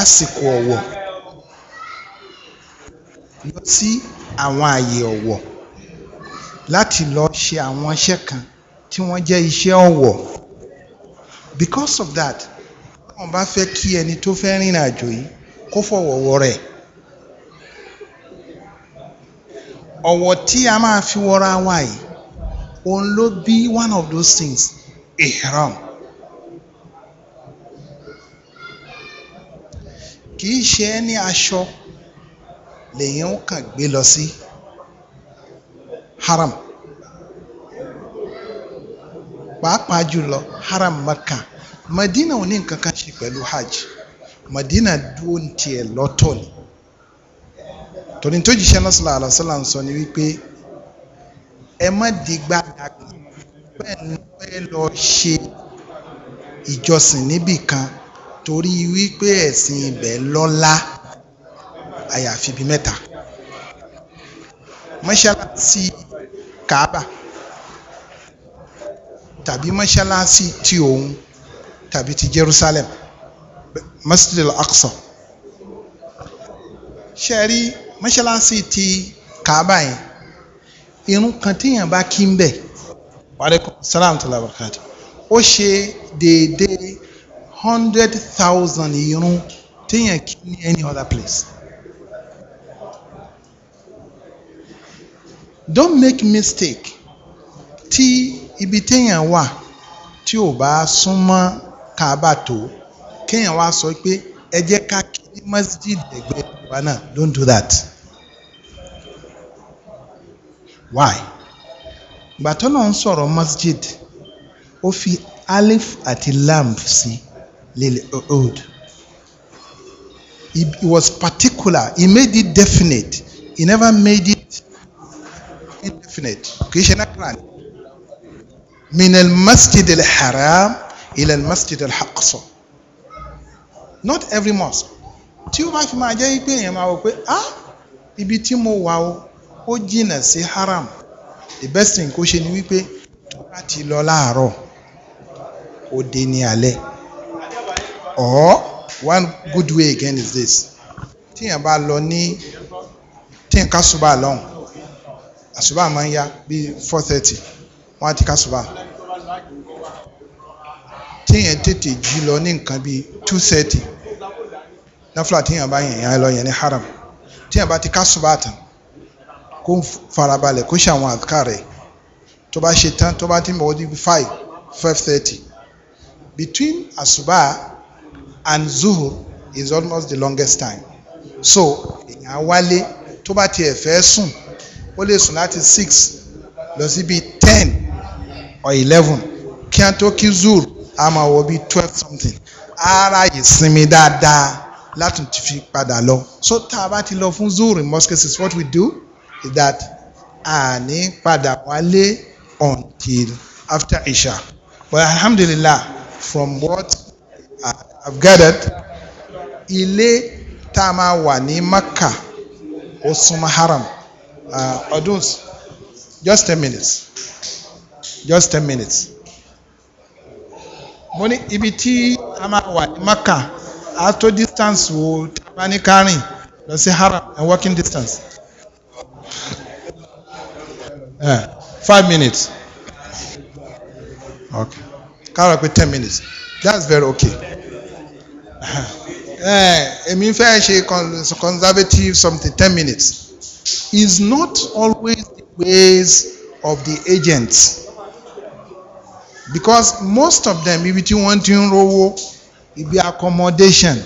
àsìkò ọ̀wọ̀ lọ sí àwọn àyè ọ̀wọ̀ láti lọ ṣe àwọn iṣẹ́ kan tí wọ́n jẹ́ iṣẹ́ ọ̀wọ̀ because of that wọ́n bá fẹ́ kí ẹni tó fẹ́ rìnrìn àjò yìí kó fọ̀wọ̀wọ̀ rẹ̀ ọ̀wọ̀ tí a máa fi wọra wa yìí òun ló bí one of those things ihram. E kì í ṣe ẹni aṣọ lèyìn ó kàn gbé lọ sí haram pàápàá jùlọ haram maka madina ò ní nǹkan kan ṣe pẹ̀lú hajj madina dúró ní tiẹ̀ lọ́tọ̀ ni torí tó jíṣẹ́ náà sallallahu alaihi wasallam sọ ni wípé ẹ má dìgbà dàgbà bẹ́ẹ̀ lọ ṣe ìjọsìn níbì torí wípé ẹ̀sìn ibẹ̀ lọ́lá àyàfi bíi mẹ́ta mọ́ṣáláṣí kaaba tàbí mọ́ṣáláṣí ti òun tàbí ti Jerusalem Masjid al-Aqsa ṣe rí mọ́ṣáláṣí ti kaaba yẹn irun kan téèyàn bá kí ń bẹ̀ wàlẹ́kùn sálàmù tó ó ṣe déédéé hundred thousand irun téèyàn kí ní any other place. don't make mistake Ti ibi téèyàn wà tí ò bá súnmọ́ kaaba tó kéèyàn wá sọ pé ẹ jẹ́ ká kí ní masjid ẹ̀gbẹ́ wa náà don't do that. why? gbàtọ́ náà ń sọ̀rọ̀ masjid ó fi alif àti lam sí i lil'ud. He, he was particular. He made it definite. He never made it indefinite. Kì plan. Min al-masjid al-haram ila al-masjid al Not every mosque. Tí o bá fi máa jẹ́ pé èèyàn máa wọ pé ah ibi tí mo wà o ó jìnnà sí haram. The best thing kó ṣe ni wípé tó bá ti lọ láàárọ̀ ó dé ní alẹ́ or one good way again is this tíyàn bá lọ ní tíyàn ká ṣùbà lọ́hùn àṣùbà máa ń yá bíi four thirty wọ́n á ti ká ṣùbà tíyàn tètè jí lọ ní nǹkan bíi two thirty náfúlà tíyàn bá yàn yàn lọ yẹn ní haram tíyàn bá ti ká ṣùbà tán kó farabalẹ̀ kó ṣe àwọn àdúrà rẹ̀ tó bá ṣe tán tó bá ti mọ̀ ọ́ di five five thirty between àṣùbà and zuhur is almost the longest time so èèyàn wálé tó bá tiẹ̀ fẹ́ sùn ó lè sùn láti six lọ sí bíi ten or eleven kí á tó kí zuhur á máa wọ bíi twelve something ara ìsinmi dáadáa láti fi padà lọ so tá a bá ti lọ fún zuhur in most cases what we do is that àní padà wálé until after Isha but alhamdulillah from what I've gathered ilé tá a máa wà ní Maka ó súnmọ́ haram ọdún uh, just ten minutes just ten minutes mo ní ibi tí a máa wà ní Maka a tó distance wo tí a bá ní kárìn lọ sí haram and walking distance uh, five minutes okay kárọ̀ pé ten minutes that's very okay. Eh, èmi fẹ́ ṣe conservative something ten minutes is not always the ways of the agents because most of them ibi tí wọ́n ti ń rówó ibi accommodation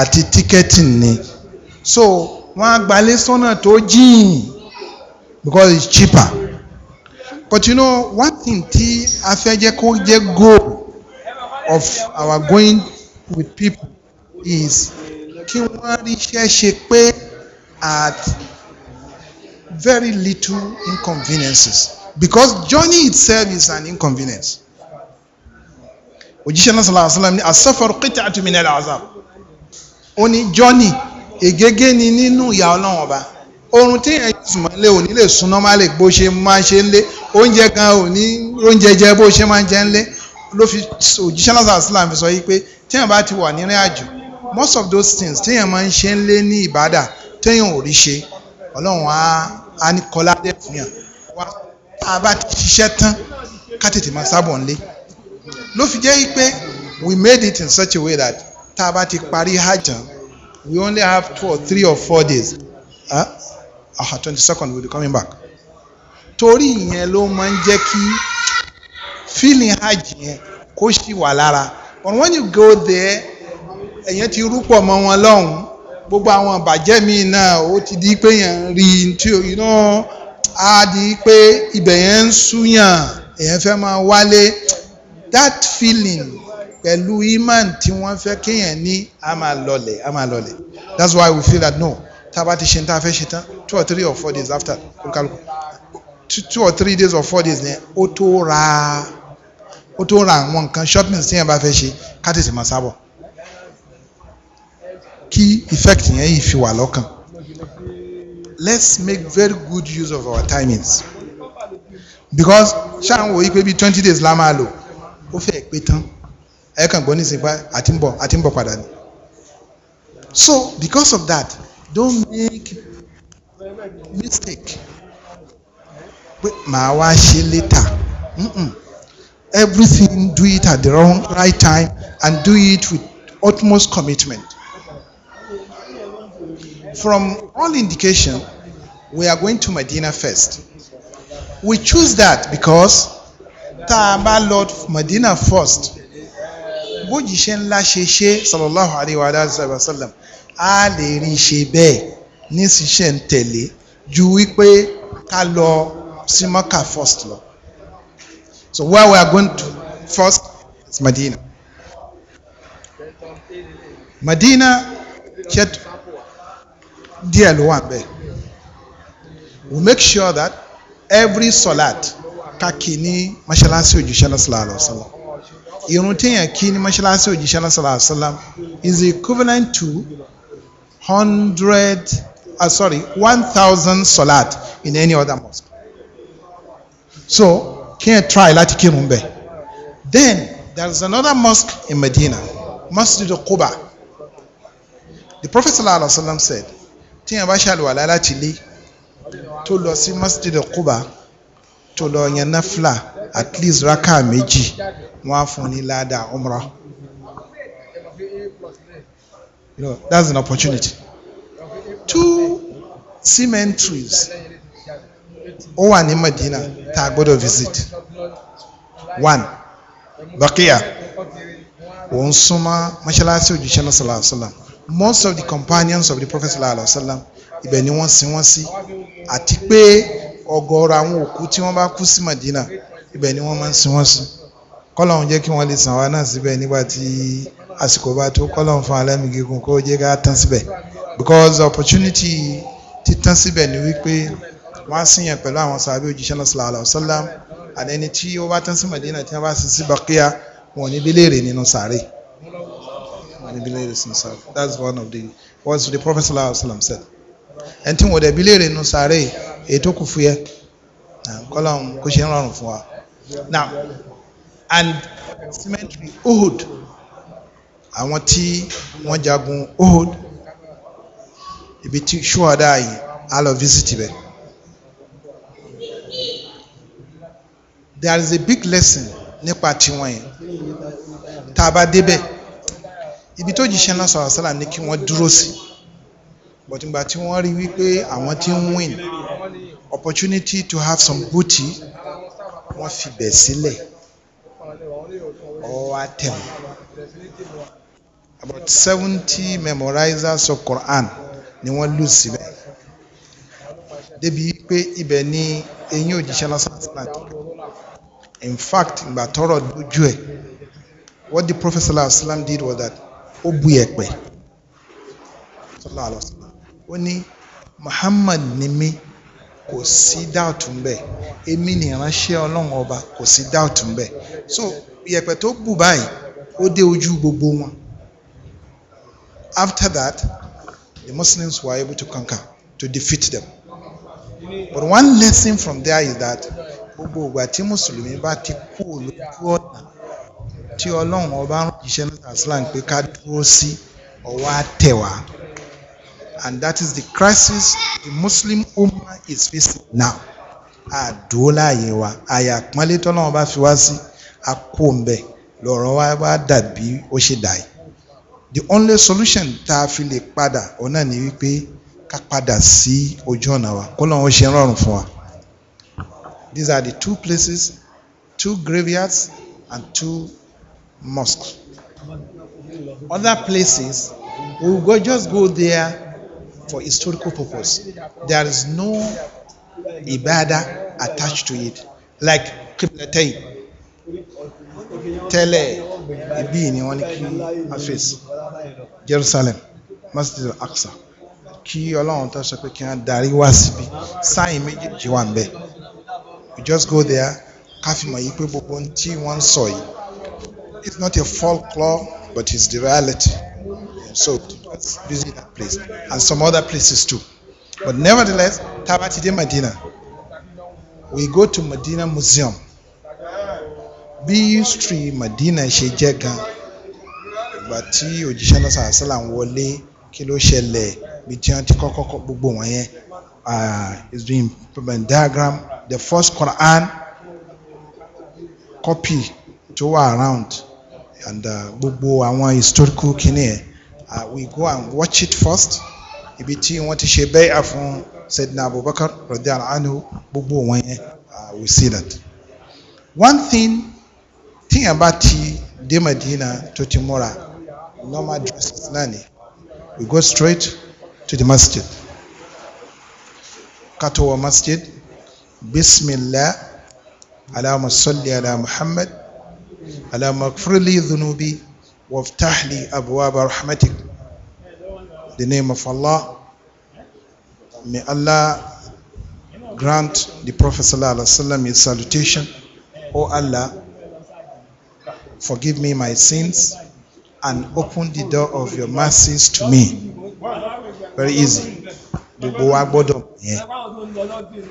àti ticketing ni so wọ́n á gbalẹ̀ sọ́nà tó jìn because it's cheaper but you know one thing tí a fẹ́ jẹ́ kó jẹ́ goal of our going with people is kí wọ́n ríṣẹ́ ṣe pé at very little inconveniences because journey itself is an inconvenience. òjíṣẹ́ náà sallallahu alaihi ní as-safaru qit'atun min al-azab ó ní journey ègégé ni nínú ìyà ọlọ́run ọba oorun tí èèyàn yóò sùn mọ́lé òní lè sùn nọ́málì bó ṣe máa ń ṣe ń lé oúnjẹ gan òní oúnjẹ jẹ bó ṣe máa ń jẹ ń lé ló fi òjíṣẹ́ náà sallallahu alaihi fi sọ yìí pé tí èèyàn bá ti wà nírìn àjò most of those things téèyàn máa ń ṣe ń lé ní ìbádà téèyàn ò rí ṣe ọlọ́run á á ní kọlá dé fún yàn wá tá a bá ti ṣiṣẹ́ tán ká tètè máa sábọ̀ ńlé ló fi jẹ́ pé we made it in such a way that tá a bá ti parí hajj we only have two or three or four days ah uh, twenty second we'll be coming back torí ìyẹn ló máa ń jẹ́ kí feeling hajj yẹn kó ṣì wà lára but when you go there ẹ̀yẹn ti rúpọ̀ mọ́ wọn lọ́hùn gbogbo àwọn ìbàjẹ́ míì náà ó ti di pé yẹn rí tí you know á di pé ibẹ̀ yẹn ń súyàn èyàn fẹ́ máa wálé that feeling pẹ̀lú iman tí wọ́n fẹ́ kéèyàn ní a máa lọlẹ̀ a máa lọlẹ̀ that's why we feel that no tá a bá ti ṣe tá fẹ́ ṣe tán two or three or four days after kálukú two or three days or four days ni ó tó ra ó tó ra àwọn nǹkan shortness tí yẹn bá fẹ́ ṣe ká tètè máa sábọ̀ kí effect yẹn yìí fi wà lọ́kàn let's make very good use of our timings because ṣáà ń wò yí pé bí twenty days la máa lò ó fẹ́ pé tán ẹ kàn gbọ́ nísìnyí pa àti ń bọ̀ àti ń bọ̀ padà ni so because of that don't make mistake pé màá wá ṣe later mm-mm. everything do it at the wrong right time and do it with utmost commitment from all indication, we are going to Medina first. We choose that because tá Lord Medina first bójìṣẹ́ ńlá ṣe ṣe sallallahu alayhi wa sallam a lè rí ṣe bẹ́ẹ̀ ní ṣiṣẹ́ ń tẹ̀lé ju wípé ká lọ sí Mecca first lọ. So where we are going to first is Medina. Medina. Medina díẹ̀ ló wà ń bẹ̀ we make sure that every solat kàkì ní mọ́ṣáláṣí òjíṣẹ́ sallallahu alaihi wasallam irun téèyàn kí ní mọ́ṣáláṣí òjíṣẹ́ sallallahu alaihi is equivalent to hundred uh, sorry one thousand solat in any other mosque so kéèyàn try láti kírun bẹ́ẹ̀ then there is another mosque in Medina Masjid Quba the Prophet sallallahu alaihi wasallam said tíyàn bá ṣàlùwàlá láti ilé tó lọ sí masjid Quba tó lọ yan nafla at least raka méjì wọn á fún ní ládàá umrah you know that's an opportunity two cemeteries ó wà ní Medina tá a gbọ́dọ̀ visit one Baqiya òun súnmọ́ mọ́ṣáláṣí òjíṣẹ́ náà sallallahu alaihi wasallam most of the companions of the prophet sallallahu alaihi wasallam sallam ibẹ̀ ni wọ́n sin wọ́n sí àti pé ọ̀gọ̀ọ̀rọ̀ àwọn òkú tí wọ́n bá kú sí Madina ibẹ̀ ni wọ́n máa ń sin wọ́n sí kọ́lọ́hún jẹ́ kí wọ́n lè sàn wá náà síbẹ̀ nígbà tí àsìkò bá tó kọ́lọ́hún fún alẹ́ mi kó jẹ́ ká tán síbẹ̀ because opportunity ti tán síbẹ̀ ni wípé wọ́n á sìn yẹn pẹ̀lú àwọn sàbí òjíṣẹ́ náà sallallahu alaihi wa sallam àdẹni tí ó bá tán sí Madina tí wọ́n bá sin sí Baqiya wọn ò ní délé rè nínú sàárè lè bi that's one of the words the prophet sallallahu alaihi wa said ẹni tí wọ́n dẹ̀ bi léèrè nu sáré èyí tó kù fúyẹ́ kọ́lá kò ṣe ń now and cemetery Uhud àwọn tí wọ́n jagun Uhud ibi tí ṣúwádà yìí á lọ visit bẹ́ẹ̀. there is a big lesson nípa tiwọn yẹn tá a bá débẹ̀ ibi tó jíṣẹ́ náà sọ̀rọ̀ sọ́là ní kí wọ́n dúró sí bọ̀tìgbà tí wọ́n rí wípé àwọn tí ń win opportunity to have some booty wọ́n fi bẹ̀ sílẹ̀ ọwọ́ àtẹ̀wọ̀n about seventy memorizers of Quran ni wọ́n lù síbẹ̀ débi pé ibẹ̀ ni eyín òjíṣẹ́ lásán in fact ìgbà tọrọ dojú ẹ̀ what the Prophet sallallahu alaihi wa sallam did was that ó bu ẹ̀pẹ̀ sallallahu ó ní Muhammad ni mí kò sí dáàtú ńbẹ èmi ni ìránṣẹ́ Ọlọ́run ọba kò sí dáàtú ńbẹ so ìyẹ̀pẹ̀ tó bù báyìí ó dé ojú gbogbo wọn after that the Muslims were able to conquer to defeat them but one lesson from there is that gbogbo ìgbà tí mùsùlùmí bá ti kú olójú ọ̀nà tí ọlọ́run ọba ń jíṣẹ́ náà islam pé ká dúró sí ọwọ́ àtẹ̀wá and that is the crisis the muslim ummah is facing now àdúró láàyè wa àyà àpọ́nlé tọ́lọ́run bá fi wá sí akó ń lọ́rọ̀ wa wá dàbí ó ṣe dà yìí the only solution tá a fi lè padà òun náà ni wípé ká padà sí ojú ọ̀nà wa kó lọ́run ó ṣe rọrùn fún wa these are the two places two graveyards and two mosque. Other places, we will go, just go there for historical purpose. There is no ibadah attached to it, like Qiblatain. Tẹ́lẹ̀ ibi ni wọ́n ní Jerusalem, Masjid al-Aqsa, kí Ọlọ́run tó sọ pé kí wọ́n darí wá síbi, sáyìn méjèèjì wà ń bẹ̀. We just go there, ká fi mọ̀ yí pé gbogbo ohun tí wọ́n ń sọ yìí. It's not a folklore, but it's the reality. So let's visit that place and some other places too. But nevertheless, Tabatide Medina. We go to Medina Museum. Bu Street Medina ṣe jẹ́ gan, ìgbà tí òjíṣẹ́ náà sàásìlà ń wọlé kí ló ṣẹlẹ̀ bí tí wọ́n ti kọ́kọ́ gbogbo wọn yẹn is the implement diagram the first Quran copy tó wà around and uh, gbogbo uh, àwọn historical kìíní yẹn uh, we go and watch it first ibi tí wọ́n ti ṣe bẹ́ẹ̀ àfún Sayyidina Abubakar radiyallahu anhu gbogbo wọn yẹn uh, we see that. one thing tíyẹn bá ti dé Medina tó ti múra normal dresses náà ni we go straight to the masjid wa masjid bismillah allahumma salli ala muhammad اللهم اغفر لي ذنوبي وافتح لي أبواب رحمتك the name of Allah may Allah grant the Prophet sallallahu alaihi wasallam his salutation O Allah forgive me my sins and open the door of your mercies to me very easy gbogbo wa gbọ́dọ̀ yẹn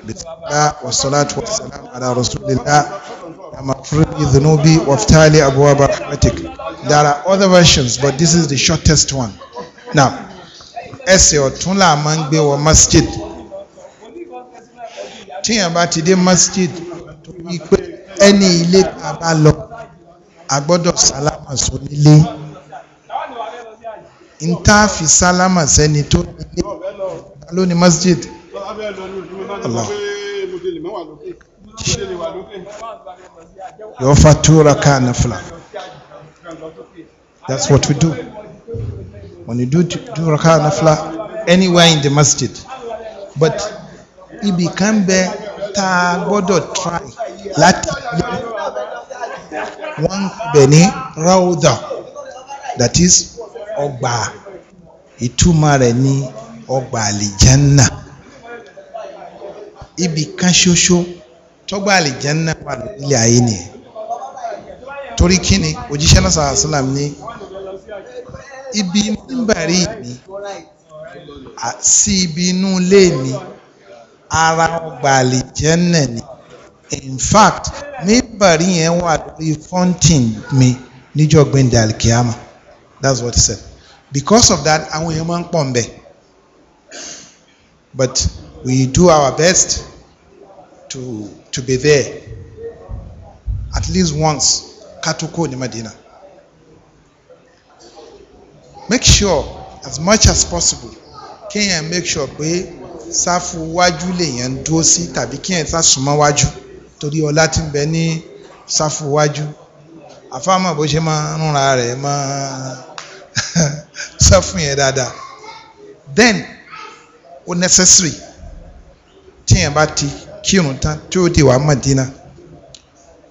bisimilá wasalaatu wasalaam ala rasulillah. There are other versions, but this is the shortest one. Now, ẹsẹ̀ ọ̀tún là máa ń gbé wọ masjid. Tíyàn bá ti dé masjid, tó yí pé ẹni ilé tá a bá lọ, a gbọ́dọ̀ sálámà sónílé. N tá a fi sálámà sẹ́ni tó nílé ló ní masjid. Allah yóò fa túra ká that's what we do when you do do ká na anywhere in the masjid but ibi kan bẹ tá a try láti yẹ wọn bẹ that is ọgbà ìtumọ̀ rẹ̀ ni ọgbà àlìjánná Ibi kan ṣoṣo tọ́gbà àlìjẹ́nà wà nílé ayé ni torí kíni òjíṣẹ́ náà sàrà sílám ní ibi níbàrí mi sí ibi inú ilé mi ara ọgbà àlìjẹ́nà ni in fact níbàrí yẹn wà lórí fountain mi níjọ́ gbẹ̀ndẹ̀ alikiyama that's what he said because of that àwọn èèyàn máa ń pọ̀ nbẹ̀ but we do our best to to be there at least once Katuko tó kó Madina make sure as much as possible kéèyàn make sure pé sáfù wájú lèèyàn ń dúró sí tàbí kéèyàn sá súnmọ́ wájú torí ọlá tí ń bẹ ní sáfù wájú àfáàmọ̀ bó ṣe máa ń rúnra rẹ̀ máa sáfù yẹn dáadáa then ó necessary tíyẹn bá ti kírun tán tí ó ti wà Madina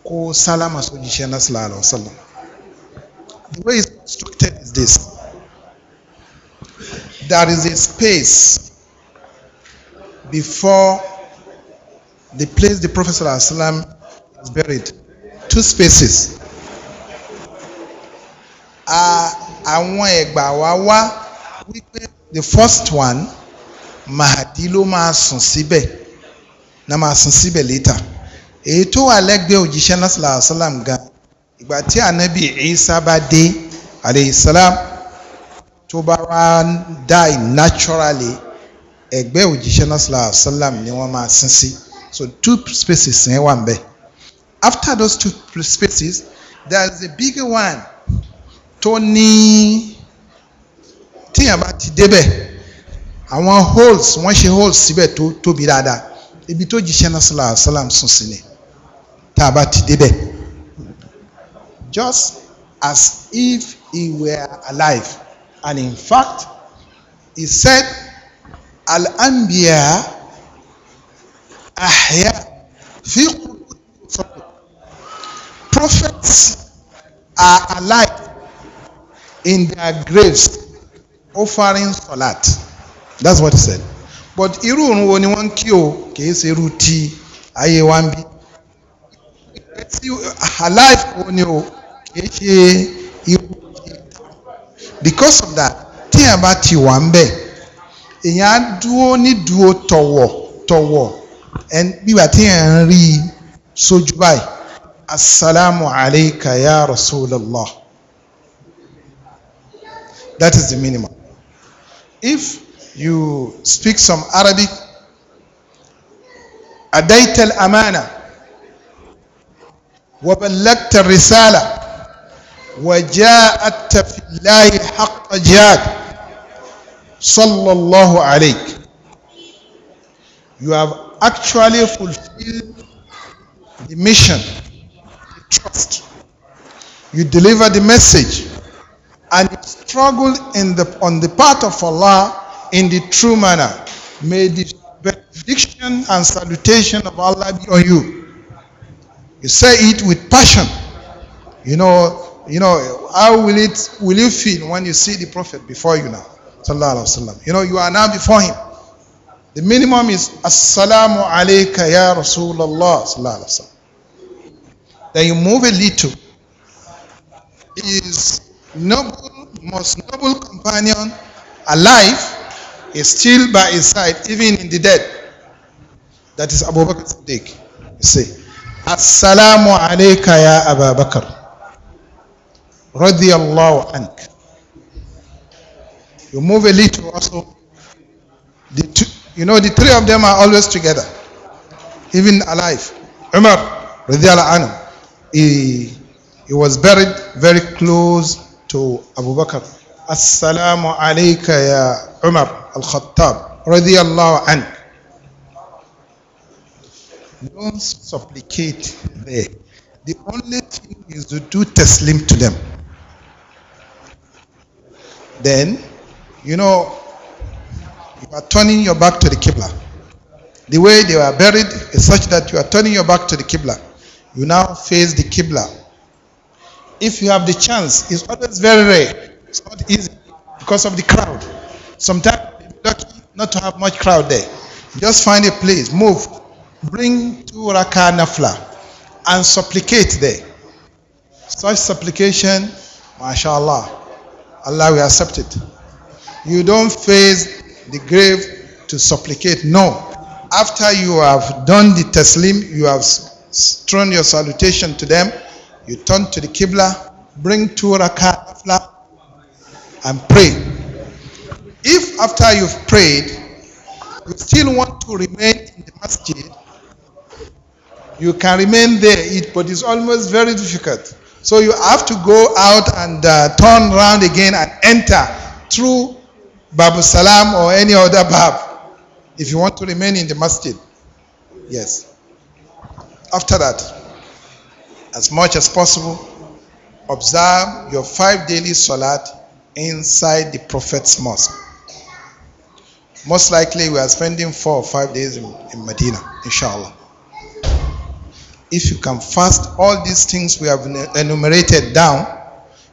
kó sálámà sójíṣẹ́ náà sallallahu alaihi wasallam the way it's constructed is this there is a space before the place the Prophet sallallahu alaihi wasallam is buried two spaces àwọn ẹ̀gbà wa wá wípé the first one Mahadi ló máa sùn síbẹ̀ náà máa sùn síbẹ̀ létà èyí tó wà lẹ́gbẹ̀ẹ́ òjíṣẹ́ náà sàlàyé àṣàlám gan ìgbà tí ànábì Ìsá bá dé àleyhisàlám tó bá wá die naturally ẹ̀gbẹ́ òjíṣẹ́ náà sàlàyé àṣàlám ni wọ́n máa sin sí so two spaces yẹn wà nbẹ after those two spaces there is a bigger one tó ní tíyàn bá ti débẹ̀ àwọn holes wọ́n ṣe holes síbẹ̀ tó tóbi dáadáa ibi tó jíṣẹ́ náà sọlá sùn sí ni tá a bá ti débẹ̀ just as if he were alive and in fact he said al-anbiya ahya fi prophets are alive in their graves offering salat that's what he said but irú òrùn wo ni wọ́n ń kí o kìí ṣe irú ti ayé wa ń bí ìrètí alive wo ni o kìí ṣe irú ti because of that tíyàn bá ti wà ń bẹ̀ èèyàn á dúró ní dúró tọ̀wọ̀ tọ̀wọ̀ gbígbà tíyàn ń rí i sójú báyìí asalaamu alayka ya rasulallah that is the minimum if you speak some Arabic. أديت الأمانة وبلغت الرسالة وجاءت في الله حق جهاد صلى الله عليك you have actually fulfilled the mission the trust you delivered the message and you struggled in the on the part of Allah in the true manner. May the benediction and salutation of Allah be on you. You say it with passion. You know, you know, how will it will you feel when you see the Prophet before you now? Sallallahu Alaihi Wasallam. You know, you are now before him. The minimum is Assalamu alayka ya Rasulullah Sallallahu Then you move a little. Is noble, most noble companion alive is still by his side, even in the dead. That is Abu Bakr Siddiq. You see, Assalamu alayka ya Abu Bakr. Radiallahu ank. You move a little also. The two, you know, the three of them are always together, even alive. Umar, radiallahu anhu, he, he was buried very close to Abu Bakr. Assalamu alayka ya Umar al-Khattab radiallahu anhu. Don't supplicate there. The only thing is to do taslim to them. Then, you know, you are turning your back to the Qibla. The way they were buried is such that you are turning your back to the Qibla. You now face the Qibla. If you have the chance, it's always very rare. It's not easy because of the crowd. Sometimes not to have much crowd there. Just find a place, move, bring two rakah nafla, and supplicate there. Such supplication, mashallah, Allah will accept it. You don't face the grave to supplicate. No. After you have done the taslim, you have thrown your salutation to them, you turn to the Qibla, bring two rakah nafla, and pray. If after you've prayed, you still want to remain in the masjid, you can remain there, it, but it's almost very difficult. So you have to go out and uh, turn around again and enter through Babu Salam or any other Bab if you want to remain in the masjid. Yes. After that, as much as possible, observe your five daily salat inside the Prophet's mosque. Most likely, we are spending four or five days in, in Medina, inshallah. If you can fast all these things we have enumerated down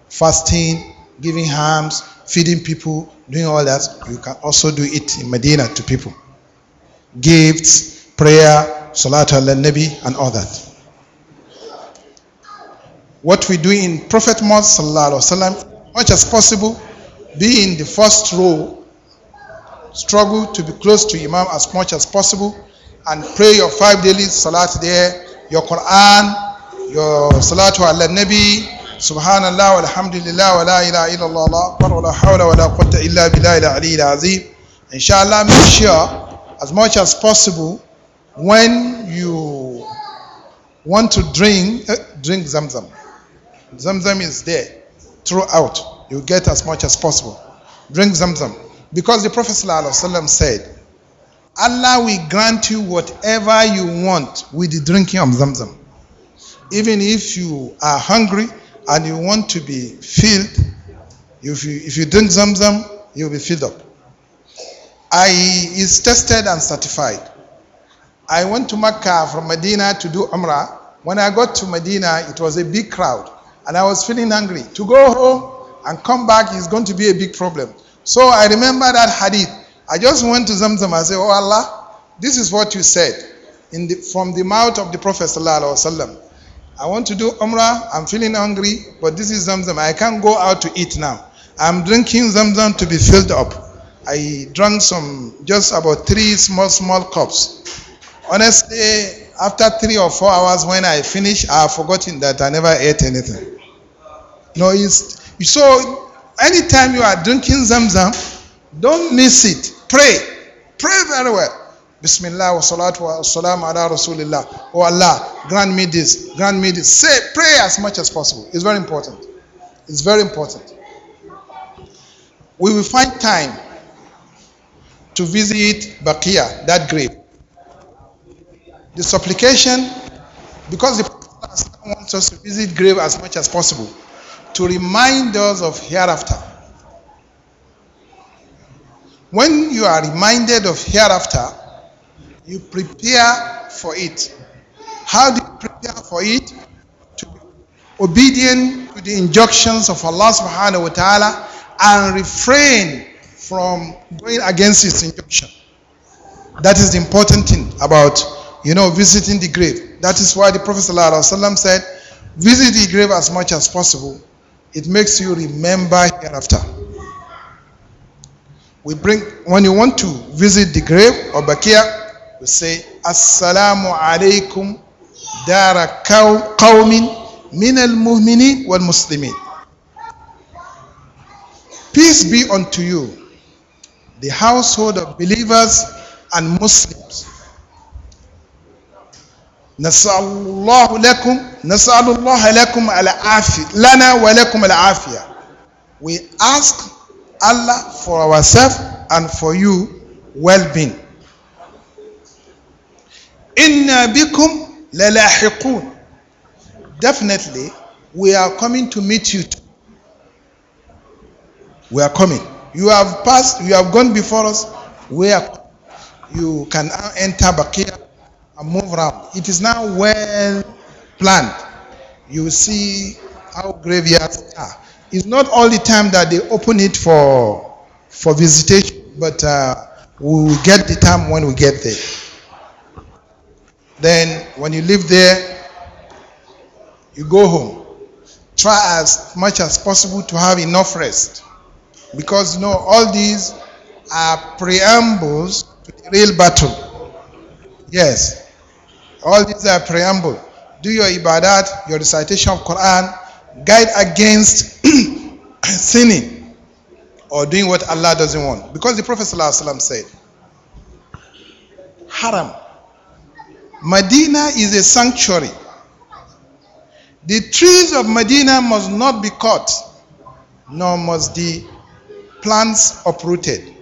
fasting, giving alms, feeding people, doing all that you can also do it in Medina to people. Gifts, prayer, salat al Nabi, and all that. What we do in Prophet Muhammad, much as possible, be in the first row struggle to be close to Imam as much as possible and pray your five daily salat there, your Quran, your salatu ala nabi, subhanallah walhamdulillah wa la ilaha illallah Allah akbar wa la hawla wa la quwwata illa billahi al aliyyil azim. Inshallah, make sure as much as possible when you want to drink, eh, drink Zamzam. Zamzam is there throughout. You get as much as possible. Drink Zamzam. Because the Prophet said, Allah will grant you whatever you want with the drinking of Zamzam. Even if you are hungry and you want to be filled, if you, if you drink Zamzam, you'll be filled up. I is tested and certified. I went to Mecca from Medina to do Umrah. When I got to Medina, it was a big crowd, and I was feeling hungry. To go home and come back is going to be a big problem. So I remember that hadith. I just went to Zamzam. and said, Oh Allah, this is what you said in the, from the mouth of the Prophet. Wasallam. I want to do Umrah. I'm feeling hungry, but this is Zamzam. I can't go out to eat now. I'm drinking Zamzam to be filled up. I drank some, just about three small, small cups. Honestly, after three or four hours when I finished, I have forgotten that I never ate anything. No, it's so anytime you are drinking zamzam don't miss it pray pray very well Bismillah wa salatu wa salam ala Rasulillah. Oh Allah, grant me this, grant me this. Say, pray as much as possible. It's very important. It's very important. We will find time to visit Bakia, that grave. The supplication, because the Prophet wants us to visit grave as much as possible to remind us of hereafter. When you are reminded of hereafter, you prepare for it. How do you prepare for it? To be obedient to the injunctions of Allah subhanahu wa ta'ala and refrain from going against his injunction. That is the important thing about, you know, visiting the grave. That is why the Prophet ﷺ said, visit the grave as much as possible It makes you remember hereafter. We bring when you want to visit the grave or Bakia, we say Assalamu alaikum dara qawmin min al mu'minin wal muslimin. Peace be unto you, the household of believers and Muslims nasallahu lakum nasallahu lakum al-afi lana wa lakum al we ask Allah for ourselves and for you well-being inna bikum lalahiqun definitely we are coming to meet you too. we are coming you have passed you have gone before us we are you can enter bakia and move around. It is now well planned. You see how graveyards are. It's not all the time that they open it for for visitation, but uh, we will get the time when we get there. Then when you live there, you go home. Try as much as possible to have enough rest. Because you know all these are preambles to the real battle. Yes. All these are preamble. Do your ibadat, your recitation of Quran, guide against sinning or doing what Allah doesn't want. Because the Prophet ﷺ said, Haram. Medina is a sanctuary. The trees of Medina must not be cut, nor must the plants uprooted.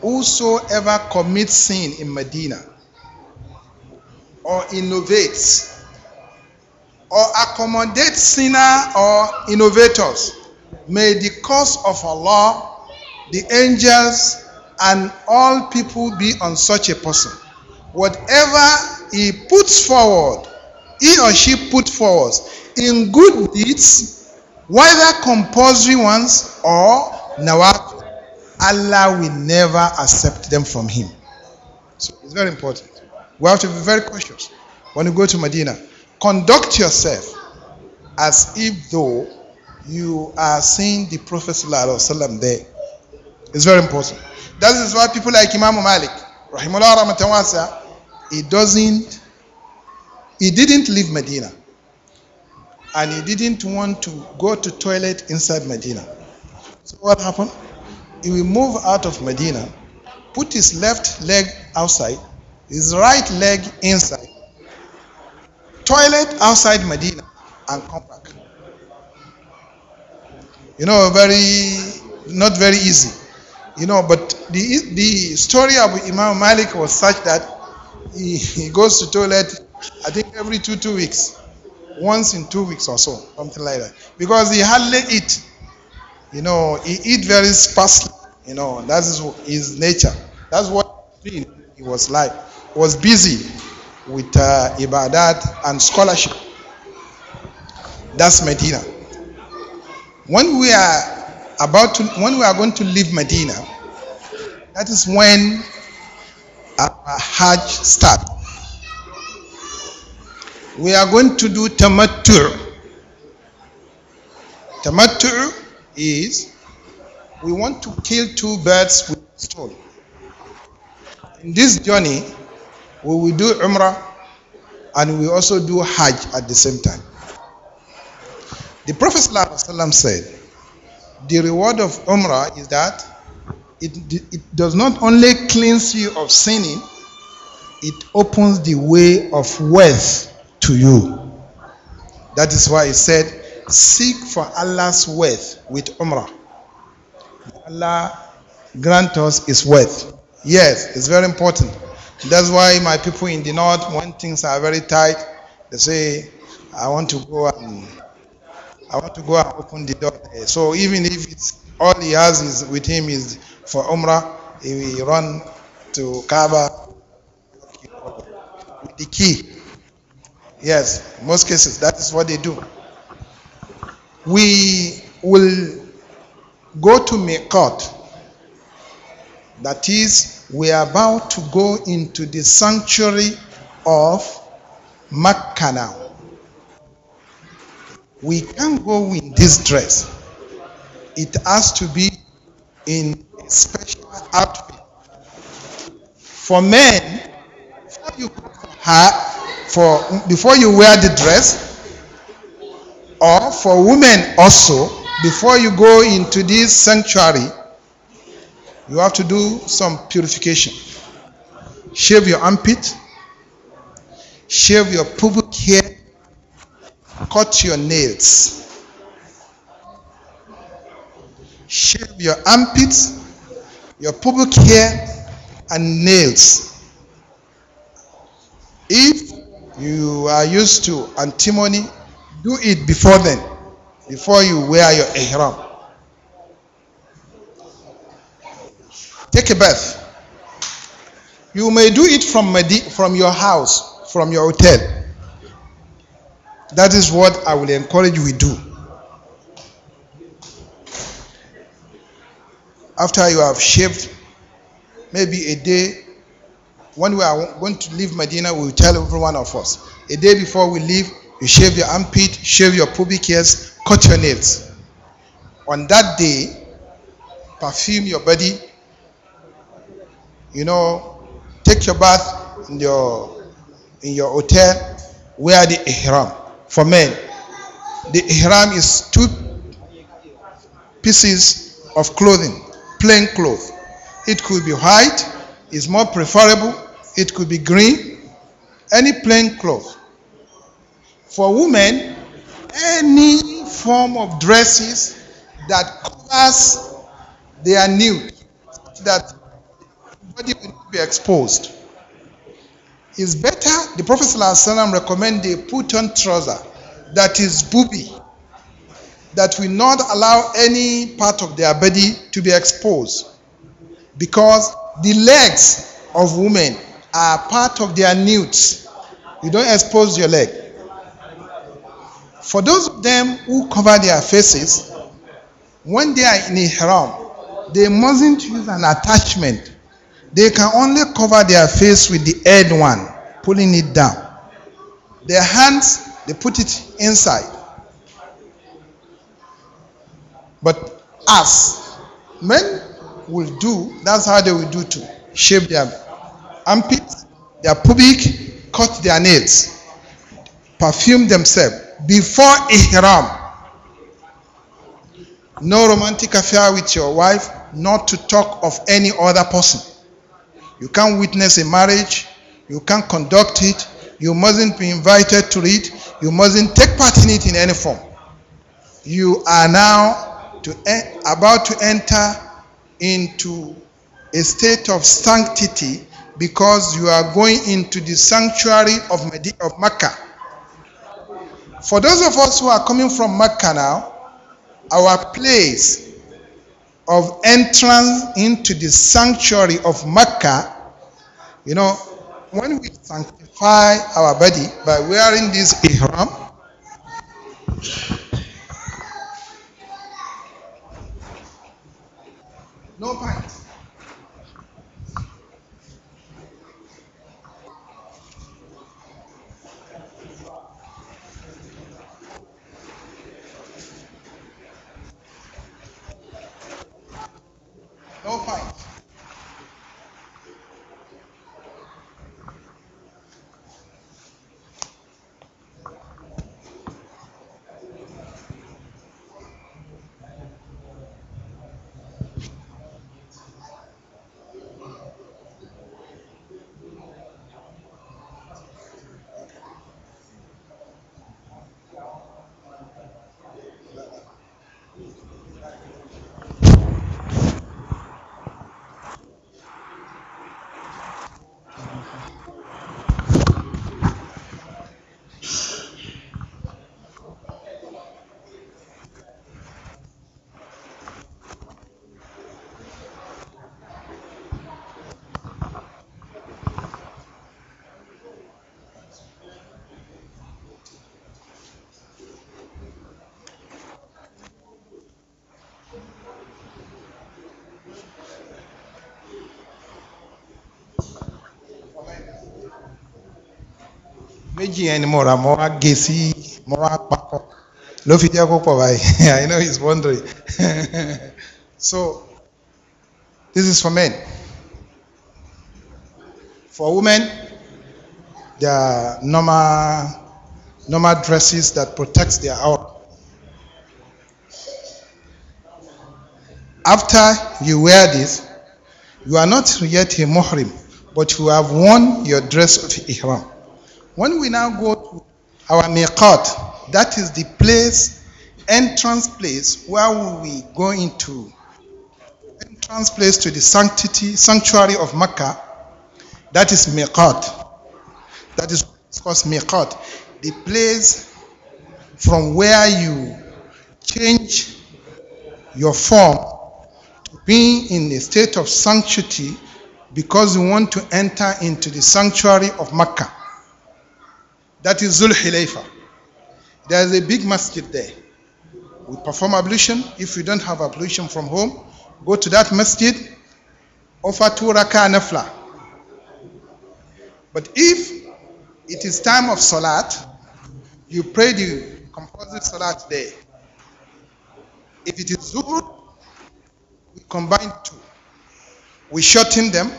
Whosoever commits sin in Medina, or innovate or accommodate sinner or innovators. May the cause of Allah, the angels, and all people be on such a person. Whatever he puts forward, he or she put forward in good deeds, whether compulsory ones or nawab, Allah will never accept them from him. So it's very important. We have to be very cautious when you go to Medina. Conduct yourself as if though you are seeing the Prophet there. It's very important. That is why people like Imam Malik, rahimullah rahmatawasa, he doesn't, he didn't leave Medina, and he didn't want to go to toilet inside Medina. So what happened? He will move out of Medina, put his left leg outside, his right leg inside, toilet outside Medina, and come back. You know, very not very easy. You know, but the the story of Imam Malik was such that he, he goes to toilet, I think every two two weeks, once in two weeks or so, something like that, because he hardly eat. You know, he eat very sparsely. You know, that is his nature. That's what he was like was busy with uh, ibadat and scholarship. That's Medina. When we are about to, when we are going to leave Medina, that is when our Hajj start. We are going to do tamattu. Tamattu is we want to kill two birds with a stone. In this journey, We will do Umrah and we also do Hajj at the same time. The Prophet ﷺ said, the reward of Umrah is that it, it does not only cleanse you of sinning, it opens the way of wealth to you. That is why he said, Seek for Allah's wealth with Umrah. Allah grant us His wealth. Yes, it's very important. That's why my people in the north, when things are very tight, they say, I want to go and I want to go and open the door. So even if it's all he has is with him is for Umrah, he will run to Kaaba with the key. Yes, most cases that is what they do. We will go to Miqat, that is we are about to go into the sanctuary of Makkah now. We can't go in this dress. It has to be in a special outfit. For men, before you for before you wear the dress, or for women also, before you go into this sanctuary, you have to do some purification. Shave your armpit, shave your pubic hair, cut your nails, shave your armpit, your pubic hair, and nails. If you are used to antimony, do it before then, before you wear your ihram. take a bath. You may do it from, from your house, from your hotel. That is what I will encourage we do. After you have shaved, maybe a day, when we are going to leave Medina, we will tell every one of us. A day before we leave, you shave your armpit, shave your pubic hairs, cut your nails. On that day, perfume your body you know, take your bath in your in your hotel. Wear the ihram for men. The ihram is two pieces of clothing, plain cloth. It could be white, is more preferable. It could be green, any plain cloth. For women, any form of dresses that covers their nude, that body will not be exposed. It's better, the Prophet ﷺ recommend put-on trouser that is booby, that will not allow any part of their body to be exposed. Because the legs of women are part of their nudes. You don't expose your leg. For those of them who cover their faces, when they are in a haram, they mustn't use an attachment They can only cover their face with the head one, pulling it down. Their hands, they put it inside. But us men will do, that's how they will do to shave their armpits, their pubic, cut their nails, perfume themselves before ihram. No romantic affair with your wife, not to talk of any other person. You can't witness a marriage. You can't conduct it. You mustn't be invited to it. You mustn't take part in it in any form. You are now to en- about to enter into a state of sanctity because you are going into the sanctuary of, Medi- of Mecca. For those of us who are coming from Mecca now, our place of entrance into the sanctuary of Mecca, you know, when we sanctify our body by wearing this ihram, no pants. No fight. méjì yẹn ni mo rà mo wá gé sí mo wá pakọ́ ló fi jẹ́ púpọ̀ báyìí I know he's wondering so this is for men for women there are normal normal dresses that protect their aura. After you wear this, you are not yet a muhrim, but you have worn your dress of ihram. When we now go to our miqat, that is the place, entrance place, where we go into, entrance place to the sanctity, sanctuary of Mecca, that is miqat. That is called miqat, the place from where you change your form to be in a state of sanctity because you want to enter into the sanctuary of Makkah. That is Zul Hilaifa. There is a big masjid there. We perform ablution. If you don't have ablution from home, go to that masjid, offer two rakah nafla. But if it is time of salat, you pray the composite salat there. If it is zuhur, we combine two. We shorten them,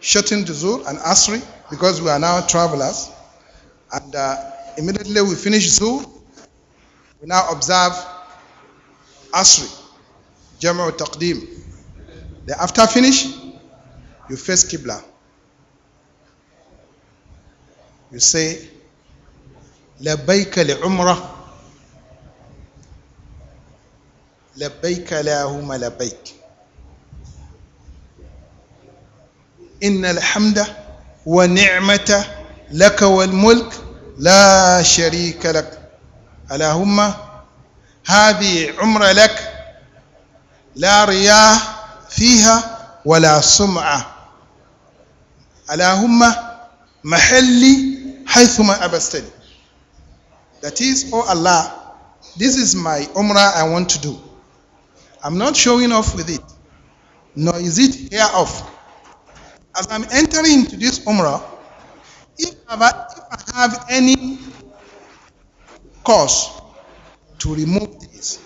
shorten the zuhur and asri because we are now travelers. And uh, immediately we finish Zuhr, we now observe Asri, Jama'u Taqdim. The after finish, you face Qibla. You say, لبيك لعمرة لبيك لا هم لبيك إن wa-ni'mata." لك والملك لا شريك لك اللهم هذه عمرة لك لا رياء فيها ولا سمعة اللهم محلي حيثما أبستني That is, oh Allah, this is my umrah I want to do. I'm not showing off with it, nor is it here off. As I'm entering into this umrah, if I, if I have any cause to remove this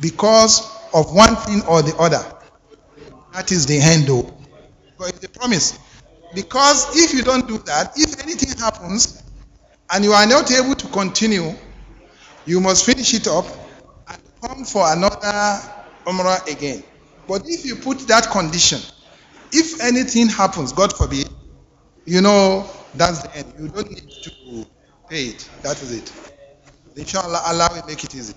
because of one thing or the other, that is the handle. But it's the promise. Because if you don't do that, if anything happens and you are not able to continue, you must finish it up and come for another Umrah again. But if you put that condition, if anything happens, God forbid, you know, That's the end. You don't need to pay it. That is it. Inshallah, Allah will make it easy.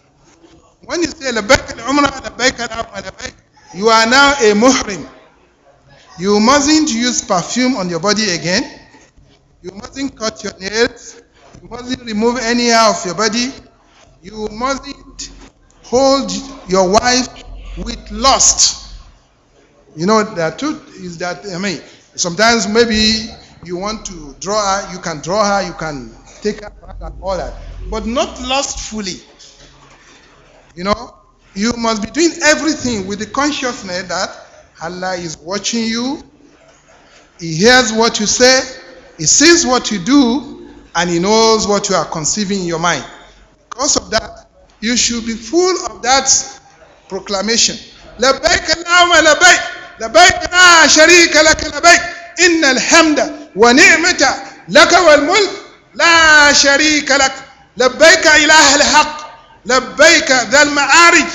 When you say labayk al-umrah, labayk al-umrah, labayk, you are now a muhrim. You mustn't use perfume on your body again. You mustn't cut your nails. You mustn't remove any hair of your body. You mustn't hold your wife with lust. You know, there are two is that I mean sometimes maybe you want to draw her, you can draw her, you can take her and all that. But not lustfully. You know, you must be doing everything with the consciousness that Allah is watching you, He hears what you say, He sees what you do, and He knows what you are conceiving in your mind. Because of that, you should be full of that proclamation. لبيك اللهم لبيك لبيك لا شريك لك لبيك إن الحمد ونعمتك لك والملك لا شريك لك لبيك إله الحق لبيك ذا المعارج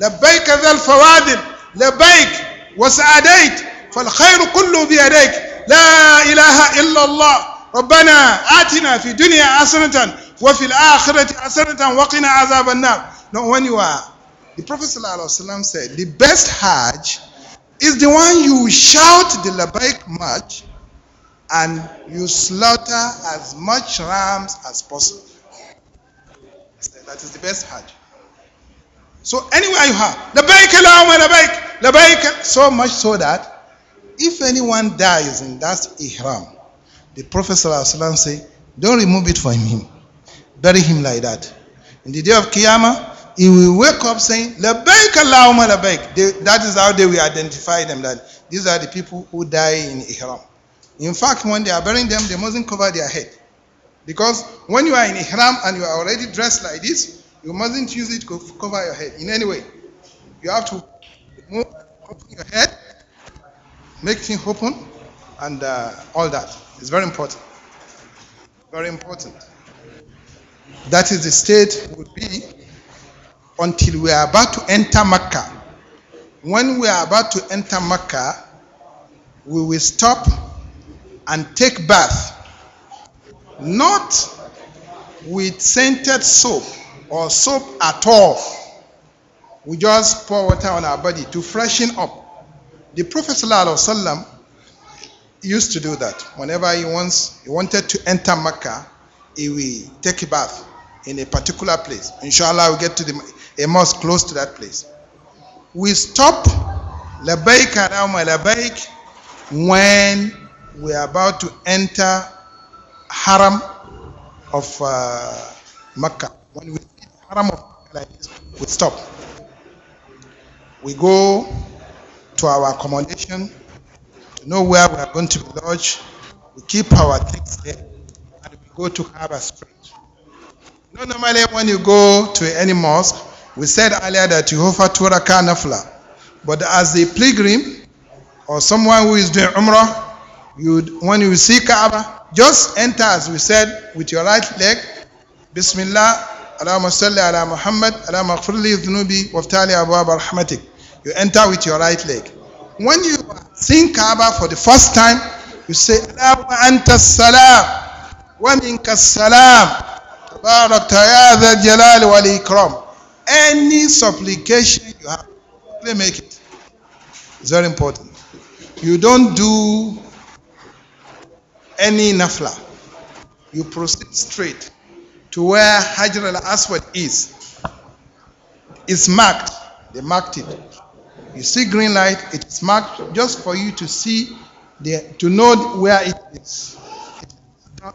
لبيك ذا الفوادل لبيك وسعديت فالخير كله بيديك لا إله إلا الله ربنا آتنا في الدنيا حسنة وفي الآخرة حسنة وقنا عذاب النار Now when you are the Prophet الله ﷺ said the best Hajj is the one you shout the Labaik much and you slaughter as much rams as possible. That is the best Hajj. So anywhere you have, labaik Allahumma labaik, labaik, so much so that if anyone dies in that ihram, the Prophet ﷺ say, don't remove it from him. Bury him like that. In the day of Qiyamah, he will wake up saying, labaik Allahumma labaik. that is how they will identify them, that these are the people who die in ihram. In fact, when they are burying them, they mustn't cover their head. Because when you are in ihram and you are already dressed like this, you mustn't use it to cover your head in any way. You have to move, open your head, make things open, and uh, all that. It's very important. Very important. That is the state would be until we are about to enter Makkah. When we are about to enter Makkah, we will stop and take bath, not with scented soap or soap at all. We just pour water on our body to freshen up. The Prophet ﷺ used to do that. Whenever he wants, he wanted to enter Mecca, he will take a bath in a particular place. Inshallah, we get to the a mosque close to that place. We stop labaik aram labaik when we are about to enter haram of uh, Mecca. When we see the haram of Makkah like this, we stop. We go to our accommodation to know where we are going to be lodged. We keep our things there and we go to Harbor Street. You know, normally when you go to any mosque, we said earlier that you offer Turaka Nafla. But as a pilgrim or someone who is doing Umrah, you when you see Kaaba, just enter as we said with your right leg. Bismillah, Allahumma salli ala Muhammad, Allahumma ghfirli dhunubi waftali abwab rahmatik. You enter with your right leg. When you see Kaaba for the first time, you say Allahumma anta salam wa minka salam. Tabarakta ya dhal jalal wal ikram. Any supplication you have, please make it. It's very important. You don't do any nafla, you proceed straight to where Hajar al Aswad is. It's marked, they marked it. You see green light, it's marked just for you to see, the, to know where it is.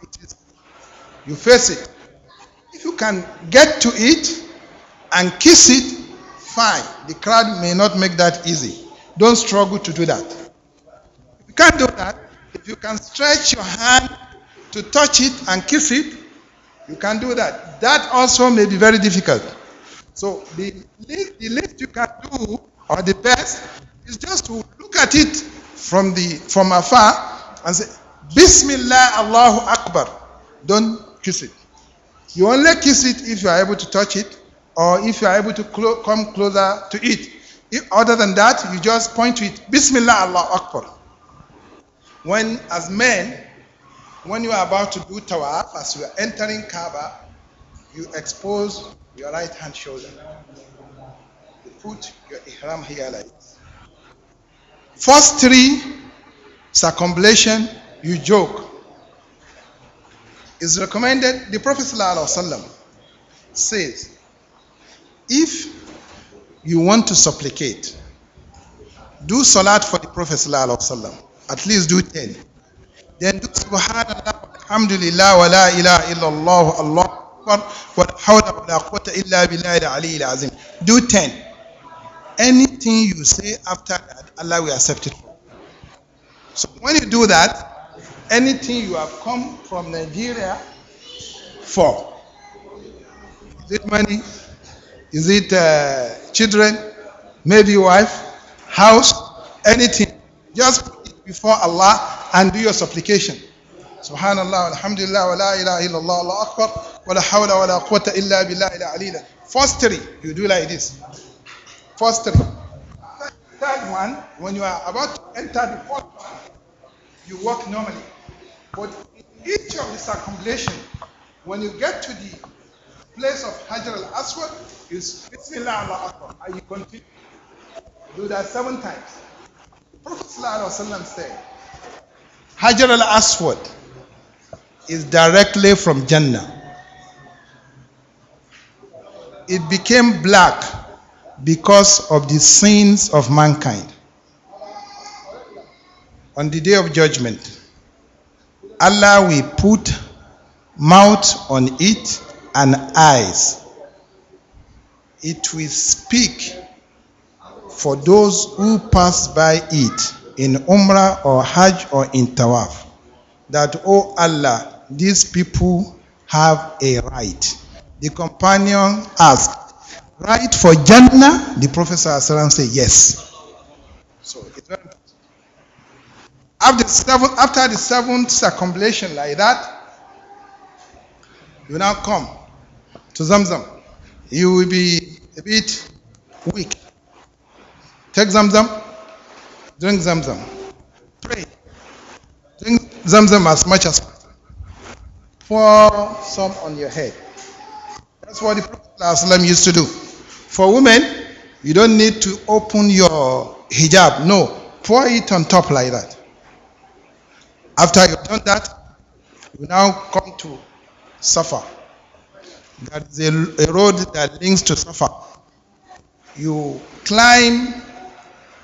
It is. You face it. If you can get to it and kiss it, fine. The crowd may not make that easy. Don't struggle to do that. If you can't do that, you can stretch your hand to touch it and kiss it, you can do that. That also may be very difficult. So the least, the least you can do, or the best, is just to look at it from the from afar and say, Bismillah Allahu Akbar. Don't kiss it. You only kiss it if you are able to touch it or if you are able to clo come closer to it. If, other than that, you just point to it, Bismillah Allahu Akbar when as men when you are about to do tawaf as you are entering kaaba you expose your right hand shoulder you put your ihram here like this first three circumambulation you joke is recommended the prophet sallallahu says if you want to supplicate do salat for the prophet sallallahu at least do ten. Then do subhanallah, alhamdulillah, wa la ilaha illallah, Allah akbar, wa la hawla wa la quwwata illa billahi al-ali al-azim. Do ten. Anything you say after that, Allah will accept it. So when you do that, anything you have come from Nigeria for, is it money? Is it uh, children? Maybe wife? House? Anything? Just before Allah and do your supplication. Subhanallah, alhamdulillah, wa la ilaha illallah, Allah akbar, wa la hawla wa la quwwata illa billah ila alila. First three, you do like this. First three. Third one, when you are about to enter the fourth one, you walk normally. But in each of the circumambulation, when you get to the place of Hajar al-Aswad, you Bismillah Allah Akbar, and you continue. Do that seven times. Prophet ﷺ said, Hajar al Aswad is directly from Jannah. It became black because of the sins of mankind. On the day of judgment, Allah will put mouth on it and eyes. It will speak for those who pass by it in Umrah or Hajj or in Tawaf that, O oh Allah, these people have a right. The companion asked, Right for Jannah? The Prophet said, Yes. So After the seventh, after the seventh circumambulation like that, you now come to Zamzam. You will be a bit weak Take Zamzam, drink Zamzam, pray, drink Zamzam as much as possible. Pour some on your head. That's what the Prophet used to do. For women, you don't need to open your hijab. No, pour it on top like that. After you've done that, you now come to suffer. That is a, road that links to suffer. You climb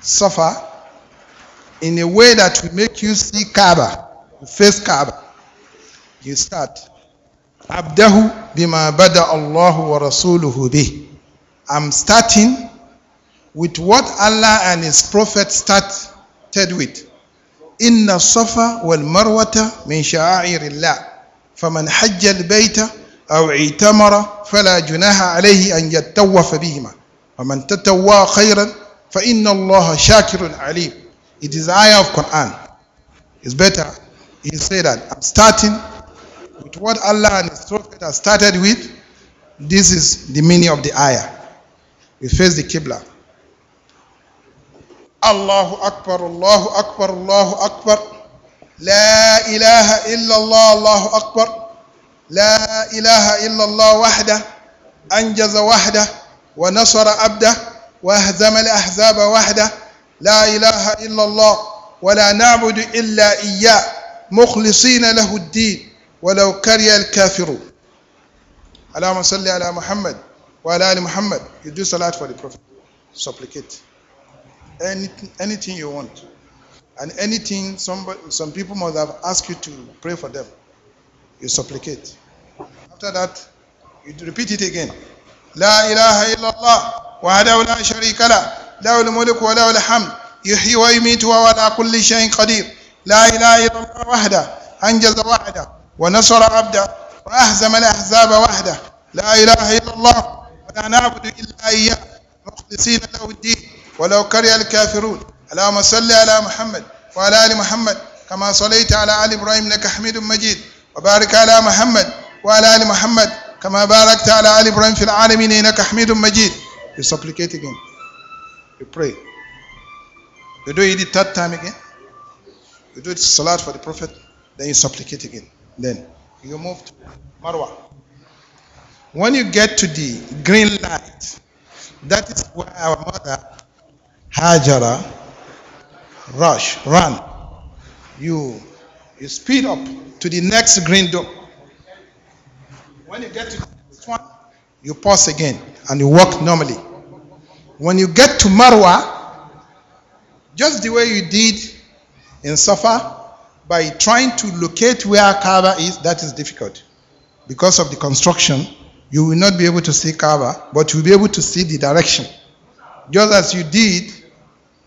suffer in a way that will make you see Kaaba, face Kaaba. You start. Abdahu bima bada Allahu wa rasuluhu bi. I'm starting with what Allah and His Prophet started with. إن الصفا والمروة من شعائر الله فمن حج البيت أو اعتمر فلا جناح عليه أن يتوف بهما ومن تتوى خيرا fa inna allaha shakirun alim it is ayah of quran it's better he said that i'm starting with what allah and his prophet has started with this is the meaning of the ayah we face the qibla allahu akbar allahu akbar allahu akbar لا إله إلا الله الله أكبر لا إله إلا الله وحده أنجز وحده ونصر عبده وأهزم الأحزاب وحده لا إله إلا الله ولا نعبد إلا إياه مخلصين له الدين ولو كره الكافرون اللهم صل على محمد وعلى آل محمد you do salat for the prophet supplicate anything, anything you want and anything somebody, some people must have asked you to pray for them you supplicate after that you repeat it again la ilaha illallah وحده لا شريك له له الملك وله الحمد يحيي ويميت وهو على كل شيء قدير لا إله إلا الله وحده أنجز وحده ونصر عبده وأهزم الأحزاب وحده لا إله إلا الله ولا نعبد إلا إياه مخلصين له الدين ولو كره الكافرون اللهم صل على محمد وعلى آل محمد كما صليت على آل إبراهيم إنك حميد مجيد وبارك على محمد وعلى آل محمد كما باركت على آل إبراهيم في العالمين إنك حميد مجيد You supplicate again. You pray. You do it the third time again. You do it salat for the Prophet. Then you supplicate again. Then you move to Marwa. When you get to the green light, that is where our mother Hajara rush, run. You you speed up to the next green door. When you get to this one, you pause again and you walk normally. when you get to Marwa, just the way you did in Safa, by trying to locate where Kaaba is, that is difficult. Because of the construction, you will not be able to see Kaaba, but you'll be able to see the direction. Just as you did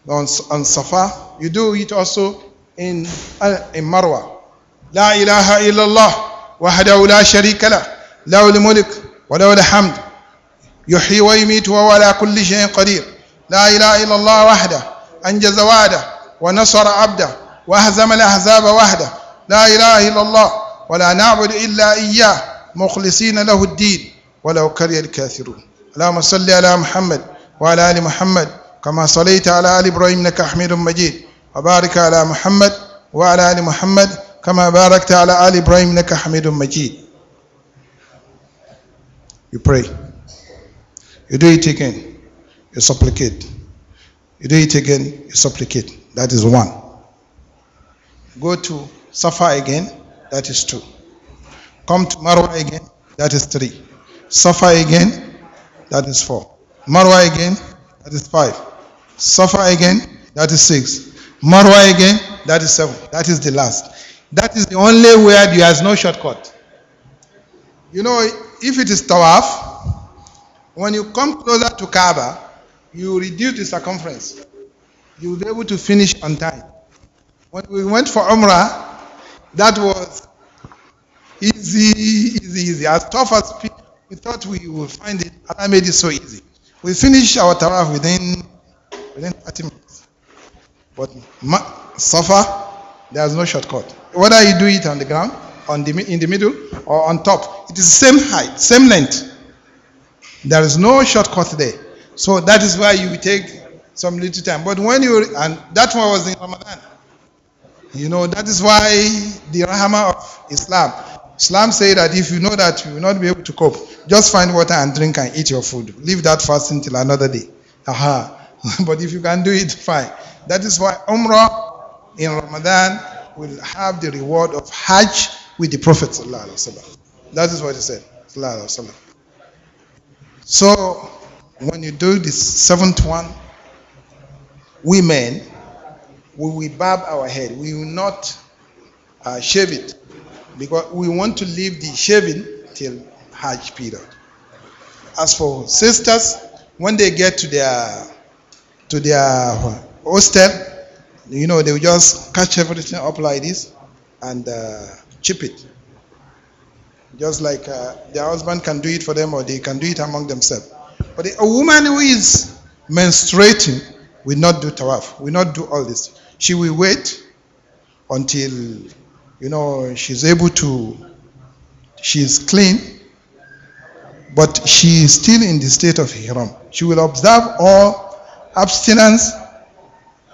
on, on Safa, you do it also in, uh, in Marwa. لا إله إلا الله وحده لا شريك له له الملك وله الحمد يحيي ويميت وهو على كل شيء قدير لا إله إلا الله وحده أنجز وعده ونصر عبده وأهزم الأحزاب وحده لا إله إلا الله ولا نعبد إلا إياه مخلصين له الدين ولو كره الكافرون اللهم صل على محمد وعلى آل محمد كما صليت على آل إبراهيم إنك حميد مجيد وبارك على محمد وعلى آل محمد كما باركت على آل إبراهيم إنك حميد مجيد You pray. You do it again, you supplicate. You do it again, you supplicate. That is one. Go to Safa again, that is two. Come to Marwa again, that is three. Safa again, that is four. Marwa again, that is five. Safa again, that is six. Marwa again, that is seven. That is the last. That is the only way there is no shortcut. You know, if it is Tawaf, When you come closer to Kaaba, you reduce the circumference. You will be able to finish on time. When we went for Umrah, that was easy, easy, easy. As tough as we thought we would find it, Allah made it so easy. We finished our Tawaf within, within 30 minutes. But Safa, is no shortcut. Whether you do it on the ground, on the, in the middle, or on top, it is the same height, same length. There is no shortcut there. So that is why you take some little time. But when you, and that one was in Ramadan. You know, that is why the Rahama of Islam. Islam say that if you know that you will not be able to cope, just find water and drink and eat your food. Leave that fasting till another day. Aha. but if you can do it, fine. That is why Umrah in Ramadan will have the reward of Hajj with the Prophet. That is what he said. So when you do the seventh one, women, we will barb our head. We will not uh, shave it because we want to leave the shaving till Hajj period. As for sisters, when they get to their to their uh, hostel, you know, they will just catch everything up like this and uh, chip it. just like uh, their husband can do it for them or they can do it among themselves. But a woman who is menstruating will not do tawaf, will not do all this. She will wait until, you know, she's able to, she's clean, but she is still in the state of ihram. She will observe all abstinence,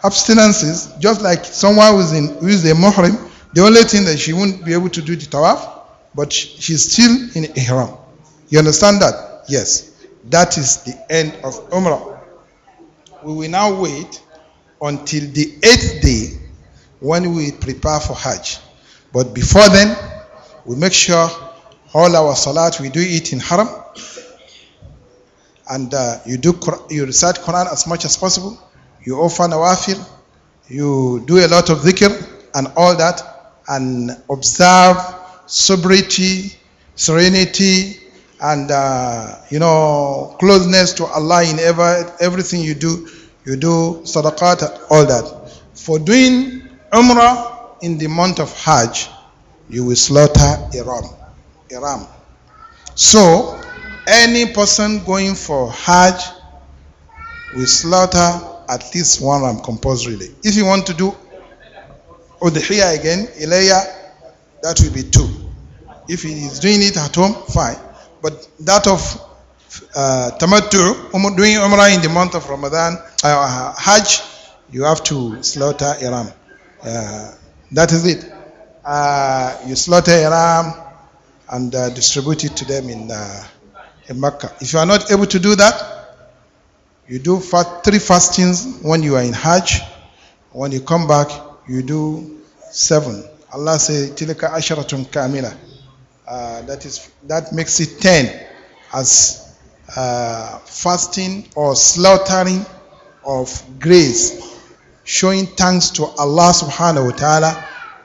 abstinences, just like someone who is, in, who is a muhrim. The only thing that she won't be able to do the tawaf but she's still in ihram. You understand that? Yes. That is the end of Umrah. We will now wait until the eighth day when we prepare for Hajj. But before then, we make sure all our salat we do it in haram and uh, you do you recite quran as much as possible you offer nawafil you do a lot of dhikr and all that and observe sobriety, serenity, and uh, you know closeness to Allah in ever, everything you do. You do sadaqat, all that. For doing umrah in the month of Hajj, you will slaughter a ram. A ram. So, any person going for Hajj will slaughter at least one ram compulsorily. If you want to do Udhiyah again, Ilayah, that will be two. If he is doing it at home, fine. But that of uh, tamattu, doing umrah in the month of Ramadan, uh, uh Hajj, you have to slaughter a ram. Uh, that is it. Uh, you slaughter a ram and uh, distribute it to them in, uh, in Mecca. If you are not able to do that, you do fast, three fastings when you are in Hajj. When you come back, you do seven. Allah says, Tilka asharatun kamila. Uh, that is that makes it ten as uh, fasting or slaughtering of grace, showing thanks to Allah Subhanahu wa Taala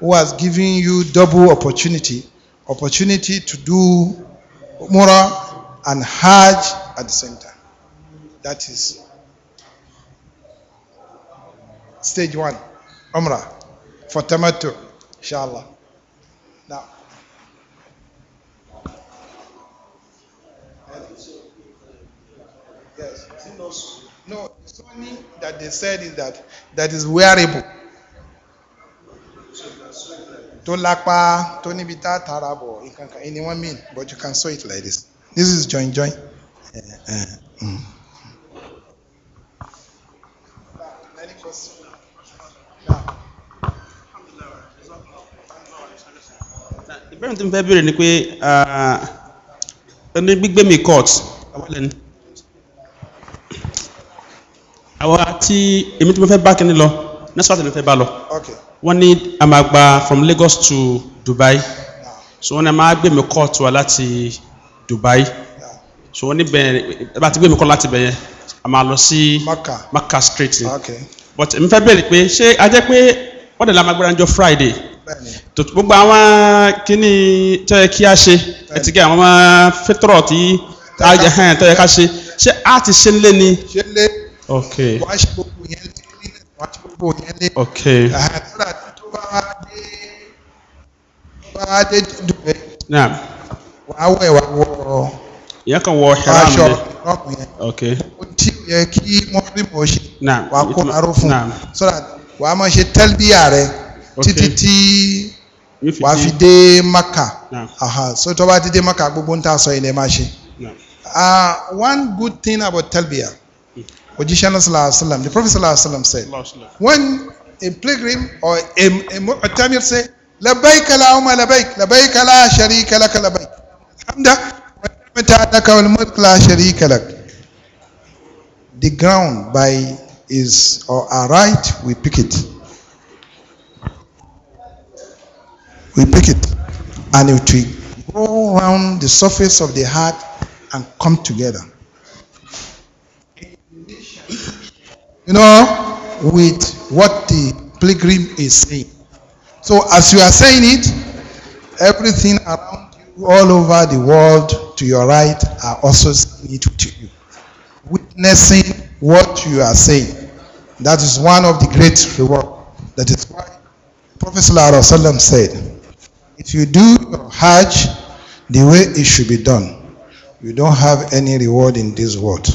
who has given you double opportunity, opportunity to do umrah and hajj at the same time. That is stage one, umrah for tamattu, inshallah. loss. No, the only that they said is that that is wearable. Tó lápá tó níbi tá a tara bọ̀ mean but you can sew it like this. This is join join. Uh, uh, mm. Any question? ìbéèrè tí mo fẹ́ béèrè ni pé ah, ẹni gbígbé court àwa tí èmi tí mo fẹ́ bá kíní lọ next part ni mo fẹ́ bá lọ wọ́n ní a máa gba from Lagos to Dubai so wọ́n ní a máa gbé mi kọ́ tiwa láti Dubai so wọ́n ní bẹ̀rẹ̀ ẹ bá ti gbé mi kọ́ láti bẹ̀rẹ̀ a máa lọ sí Maka street ni but èmi fẹ́ bẹ̀rẹ̀ pé ṣé a jẹ́ pé wọ́n dẹ̀ la máa gbéra ń jọ Friday gbogbo àwọn kíní tó yẹ kí a ṣe ẹ ti gé àwọn fẹ́tọ̀rọ̀ tí tó yẹ ká ṣe ṣé a ti ṣe ń lé ni okay wàá ṣe gbogbo yẹn lé wàá ṣe gbogbo yẹn lé okay àdúrà tó bá wá dé tó bá wá dé dúdú rẹ naam wàá wẹ̀ wàá wọ ìyẹn kan wọ hiram yẹn okay o ti yẹ kí mọ́rìmù ó ṣe wàá kó aró fún so that wàá máa ṣe tẹ́lbíyà Okay. títí tí wàá fi dé maka so tó bá ti dé maka gbogbo ń tà sọ ilẹ̀ máa ṣe. Uh, one good thing about talbiyah position of The Prophet Sallallahu said, when a pilgrim or a, a mu'tamir say, لبيك اللهم لبيك لبيك لا شريك لك لبيك الحمد والنعمة لك والملك لا شريك لك the ground by is or our right we pick it we pick it and it will go around the surface of the heart and come together you know, with what the pilgrim is saying. So as you are saying it, everything around you, all over the world, to your right, are also saying it to you. Witnessing what you are saying. That is one of the great rewards. That is why Prophet ﷺ said, if you do your Hajj the way it should be done, you don't have any reward in this world.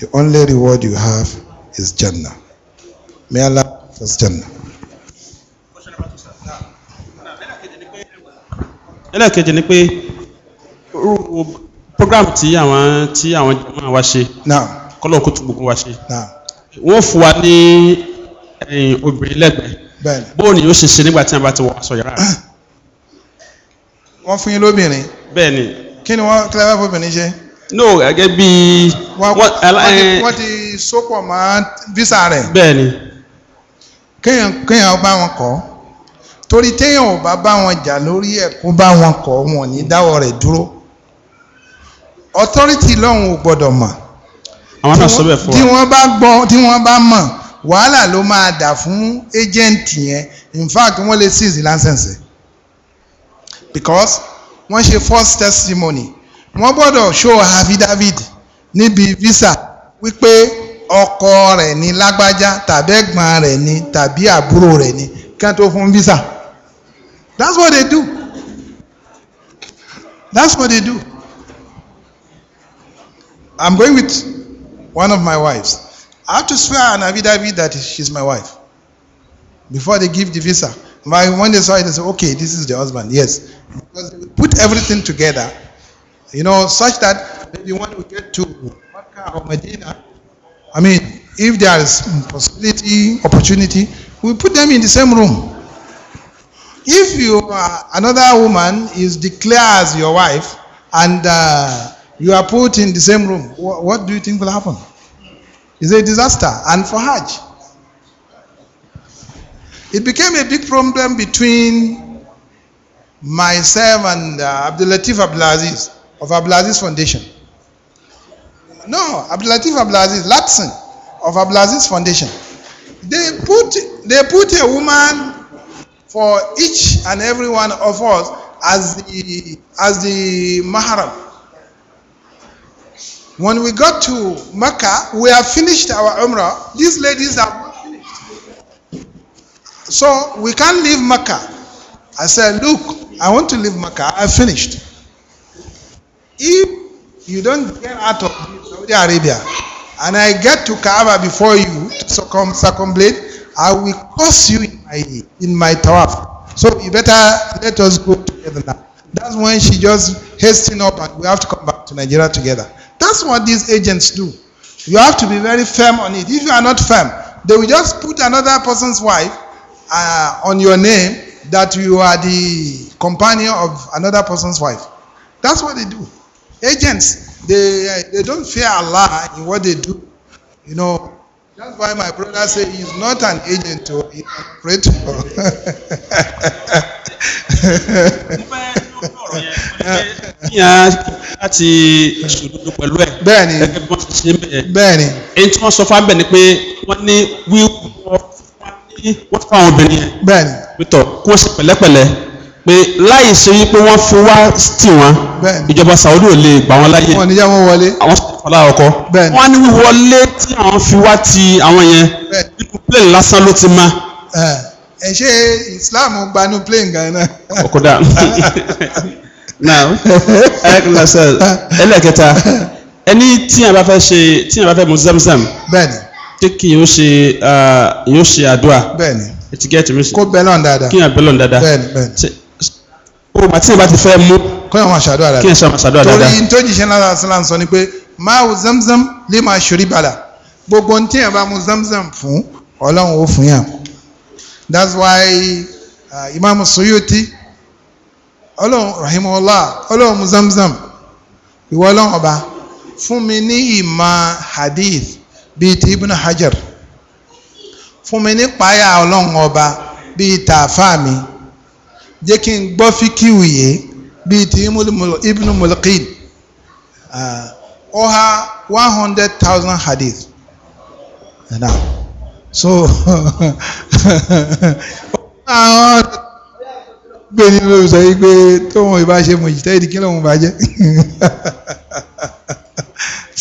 The only reward you have is Jannah. May Allah is Jannah. ẹlẹ́ẹ̀kejì ni pé program tí àwọn tí àwọn jàmáà wa ṣe kọ́lọ̀ kó tún gbogbo wa ṣe wọ́n fún wa ní obìnrin lẹ́gbẹ̀ẹ́ bóun ni yóò ṣe ṣe nígbà tí wọ́n bá ti wọ aṣọ yàrá. wọ́n fún yín lóbìnrin. bẹ́ẹ̀ ni. kí ni wọ́n kílẹ̀ bá fún obìnrin ṣe no gẹ́gẹ́ bí. Eh, wọ́n ti sopọ̀ mọ́ visa rẹ̀. bẹ́ẹ̀ni. kéèyàn kéèyàn bá wọn kọ́ torí téèyàn ò bá bá wọn jà lórí ẹ̀ kó bá wọn kọ́ wọn ní dáwọ́ rẹ̀ dúró authority lọ́hùn ò gbọ́dọ̀ mọ̀. àwọn náà sọ bẹ́ẹ̀ fún wa. tí wọ́n bá gbọ́ tí wọ́n bá mọ̀ wàhálà ló máa dà fún agent yẹn in fact wọ́n lè seize the license because wọ́n ṣe false testimony wọ́n gbọ́dọ̀ show affidavit níbi visa wípé ọkọ rẹ̀ ni lágbájá tàbí ẹ̀gbọ́n rẹ̀ ni tàbí àbúrò rẹ̀ ni kí wọ́n tó fún visa that's what they do that's what they do I'm going with one of my wives I have to swear an affidavit that she's my wife before they give the visa. my one day saw it, and said, okay, this is the husband. Yes. Because they put everything together You know, such that maybe when we get to Makkah or Medina, I mean, if there is possibility, opportunity, we put them in the same room. If you uh, another woman is declared as your wife and uh, you are put in the same room, wh what do you think will happen? It's a disaster. And for Hajj, it became a big problem between myself and uh, Abdul Latif Abdulaziz of Abdulaziz Foundation. No, Abdulatif Abdulaziz Latson of Abdulaziz Foundation. They put they put a woman for each and every one of us as the as the mahram. When we got to Mecca, we have finished our umrah. These ladies are So we can't leave Mecca. I said, look, I want to leave Mecca. I finished if you don't get out of Saudi Arabia and I get to Kaaba before you to circum circumambulate, I will curse you in my in my tawaf. So you better let us go together now. That's when she just hasten up and we have to come back to Nigeria together. That's what these agents do. You have to be very firm on it. If you are not firm, they will just put another person's wife uh, on your name that you are the companion of another person's wife. That's what they do agents, they, eh, they don't fear Allah in what they do. You know, that's why my brother say he's not an agent to oh, an operator. láti ṣòdodo pẹ̀lú ẹ̀. bẹ́ẹ̀ni gẹ́gẹ́ bí wọ́n ti ṣe bẹ́ẹ̀. bẹ́ẹ̀ni. èyí tí wọ́n sọ fún abẹ́ pé wọ́n ní wíwọ́ wọ́n fún àwọn obìnrin yẹn. bẹ́ẹ̀ni. pẹ̀tọ̀ kó o ṣe pẹ̀lẹ́pẹ̀lẹ́ pé láì ṣe wípé wọ́n fi wá tì wọ́n ìjọba Saudi ò lè gbà wọ́n láyè àwọn sọ̀rọ̀ ọkọ wọ́n ní wíwọlé tí àwọn fi wá ti àwọn yẹn nínú plane lásán ló ti má. ẹ ṣe Islam gbanú plane gan-an. ọkọdà now ẹlẹ́kẹta ẹni tí a bá fẹ́ ṣe tí a bá fẹ́ mu zamzam kéèkì yóò ṣe yóò ṣe àdúrà. bẹ́ẹ̀ni eti get me. kí n yà bẹ́lọ̀n dáadáa. bẹ́ẹ̀ni bẹ́ẹ̀ni o màtí ìbá ti fẹ́ mú kọ́yọ̀ máa ṣàdúrà dáadáa kí n sọ máa ṣàdúrà dáadáa torí tó jìṣẹ́ náà sọ́lá sọ ni pé máa wù zamzam lè máa ṣorí bàlà gbogbo ní tíyẹn bá mu zamzam fún ọlọ́run ó fún yàn that's why uh, imam suyuti ọlọ́run rahimahullah ọlọ́run mu zamzam ìwọ ọlọ́run ọba fún mi ní ìmọ̀ hadith bíi ti ibn hajar fún mi ní payà ọlọ́run ọba bíi tààfà mi jẹ́ kí n gbọ́ fíkìwù yìí bíi ti ibn mulqin ọha one hundred thousand hadith na so àwọn gbé nínú sọ yìí pé tóun ìbá ṣe mọ̀ jìtẹ́ kí lóun bá jẹ́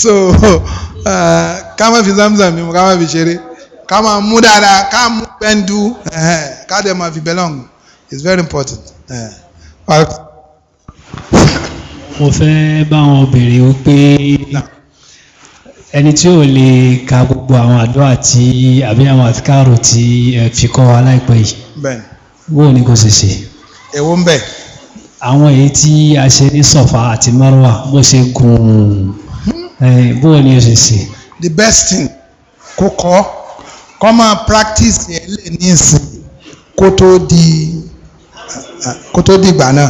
so ká má fi zamzam mímu ká má fi ṣeré ká má mú dáadáa ká mú pẹ́ńdú ká dẹ̀ má fi bẹ́lọ́ǹgù it's very important. Eh. mo fẹ́ bá wọn béèrè wípé ẹni tí ò lè ka gbogbo àwọn àdúrà tí àbí àwọn àtikárò tí fi kọ́ aláìpẹ́ yìí wo ni kò ṣe ṣe. èwo ń bẹ. àwọn èyí tí a ṣe ní sọfà àti márùwà bó ṣe gùn eh, bó ni o ṣe ṣe. the best thing kó kọ́ kọ́ máa practice ẹ̀ lè ìsìn kó tó di kó tó dìgbà náà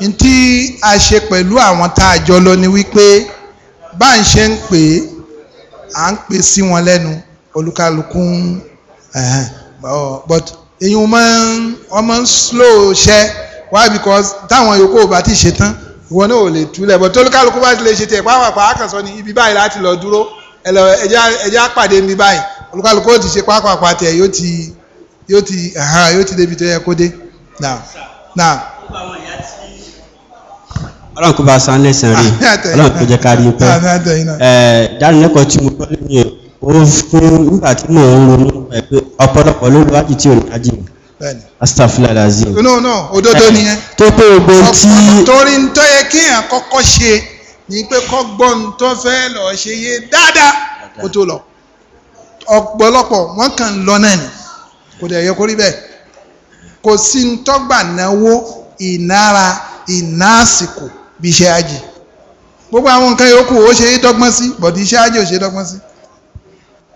n tí a ṣe pẹ̀lú àwọn tá a jọ lọ ni wípé bá ń ṣe ń pè é à ń pè sí wọn lẹ́nu olúkálukú but èyí wọ́n máa ń slow ṣẹ́ why because táwọn yòókù ò bá ti ṣe tán ìwọ náà ò lè túlẹ̀ but tólúkálukú bá ti lè ṣe tiẹ̀ pàápàá àkànṣọ ni ibi báyìí láti lọ dúró ẹlọ ẹjẹ àpàdé mi báyìí olúkálukú ó ti ṣe pàápàá tiẹ̀ yóò ti yóò ti yóò ti débi tó yẹ kó dé na na. ọlọ́run kò bá san lẹ́sàn rí ọlọ́run kò jẹ́ ká rí pẹ́ dánilẹ́kọ̀ọ́ tí mo tọ́ lẹ́yìn o fún nígbà tí mò ń ronú ẹ̀ pé ọ̀pọ̀lọpọ̀ ló lu ájì tí ò ní ájì astafula lazim. no no òdodo nìyẹn. tó pé ogbó tí. torí ń tọ́ yẹ kéèyàn kọ́kọ́ ṣe ni pé kọ́ gbọ́n tó fẹ́ lọ ṣe yé dáadáa kó tó lọ ọ̀pọ̀lọpọ̀ wọ́n kàn lọ náà ni kò dẹ̀ yẹ kó bẹ́ẹ̀ kò sí ní tọ́gbà náwó ìnára ìnáàsìkò bí iṣẹ́ ajé gbogbo àwọn nǹkan yòókù ó ṣe é dọ́gbọ́n sí bọ̀dí iṣẹ́ ajé ò ṣe é dọ́gbọ́n sí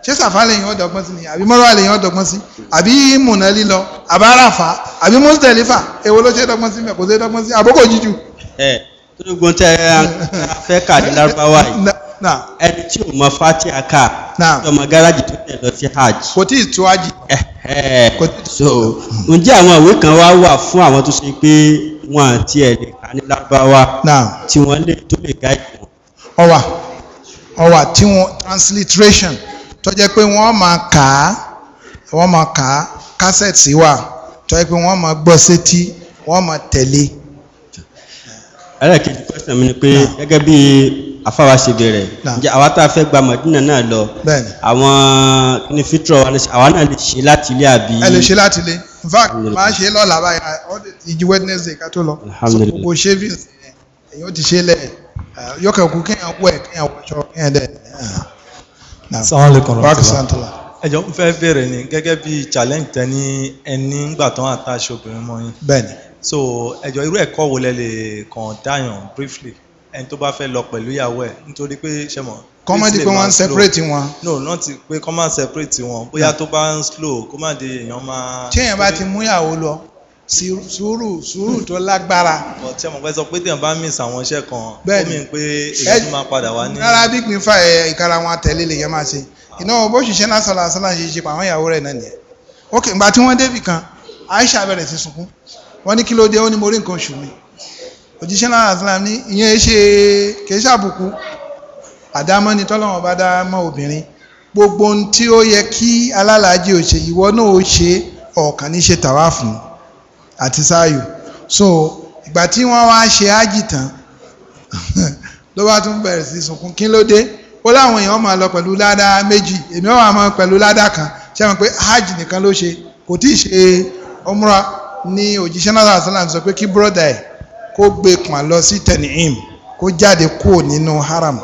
ṣé sàfà lèyìn ó dọ́gbọ́n sí ni àbí mọ́rọ́ lèyìn ó dọ́gbọ́n sí àbí mùnà lílọ àbáràfà àbí mùsùlùmífà èwo ló ṣe é dọ́gbọ́n sí mẹ́ kò ṣe é dọ́gbọ́n sí àbókò jíjù. ẹ tó ní gbọ́n tẹ́ ẹ fẹ́ kà lárúbáwá yìí ẹni tí ò mọ fati aka tí ọmọ gáràjì tó tẹ̀ lọ sí hajj. kò tí ì tó hajj. so ǹjẹ́ àwọn ìwé kan wá wà fún àwọn tó ṣe pé wọn àti ẹ̀ lè kà ní lábáwá tí wọ́n lè tó lè ká ìwọ̀n. ọwà ọwà tí wọn transliteration tó jẹ́ pé wọ́n máa kà á wọ́n máa kà á kásẹ̀tì wà tó jẹ́ pé wọ́n máa gbọ́ sétí wọ́n máa tẹ̀lé. ẹlẹ́kejì pẹ́sìtàn mi ni pé gẹ́gẹ́ bíi afáwa ṣègè rẹ̀ ǹjẹ́ àwa tá a fẹ́ gba mọ̀dínà náà lọ àwọn ní fitrọ àwa náà lè ṣe láti ilé àbí. ẹ lè ṣe láti ilé in fact máa ṣe lọ́la báyà ìjì wednesday ká tó lọ so gbogbo shavings èyàn ti ṣe lẹ̀ uh, yọkẹ̀ kú kéèyàn wẹ̀ kéèyàn wọṣọ kéèyàn dẹ̀. sàwọn lè kọ̀rọ̀ sí wa ẹjọ́ ń fẹ́ bèèrè ni gẹ́gẹ́ bí challenge tẹ ní ẹni ńgbà tán àtàṣe obìnrin mọ́ yín. bẹ́ẹ̀ni. so ẹjọ́ irú ẹ̀kọ́ wo lẹ lè kàn dáyàn briefly ẹni tó bá fẹ́ lọ pẹ̀lú ìyàwó ẹ̀ nítorí pé ṣe mọ̀. kọ́ má di pé wọ́n ń separate wọn. no not pé kọ́ má separate wọn bóyá tó bá ń slow kó má di èèyàn máa. tí èèyàn bá ti mú ìyàwó lọ sùúrù sùúrù tó lágbára. ọ̀tí ọmọ pẹ́ sọ pé téèyàn bá ń mìsà àwọn iṣẹ́ kan ó mì pé èyí tó máa padà wá ní. rárá bí pin fa ìkara wọn àtẹ̀lé lèèyàn máa ṣe iná bó ṣiṣẹ́ lásán lásán láti ṣe ṣe pa ìyàwó rẹ̀ náà nìyẹn. ok ìgbà tí wọ́n débì kan Aisha bẹ̀rẹ̀ sí sunkún wọ́n ní kí ló dé ó ní mo rí nǹkan oṣù mi òjíṣẹ́ náà islam ní ìyẹn ṣe kìí ṣàbùkù àdámọ́ ni tọ́lọ́wọ́n bá dá mọ́ obìnrin gbogbo ohun tí ó yẹ kí alálàájì ò ṣe ìwọ náà ó ṣe ọ̀kan ní ṣe tàwa fún àti sáàyò so ìgbà tí wọ́n wá ṣe ájì tán ló bá tún bẹ̀rẹ̀ sí sunkún kí ló dé ó láwọn èèyàn máa lọ pẹ̀lú ládá méjì èmi ó wà máa pẹ̀lú ládá kan ṣé wọn pé hajj nìkan ló ṣe kò tí ì ṣe ọmúra ní òjíṣẹ́ náà sọ pé kí bírọ̀dà ẹ̀ kó gbé pọ̀n lọ sí tẹ̀nìhìm kó jáde kúrò nínú haram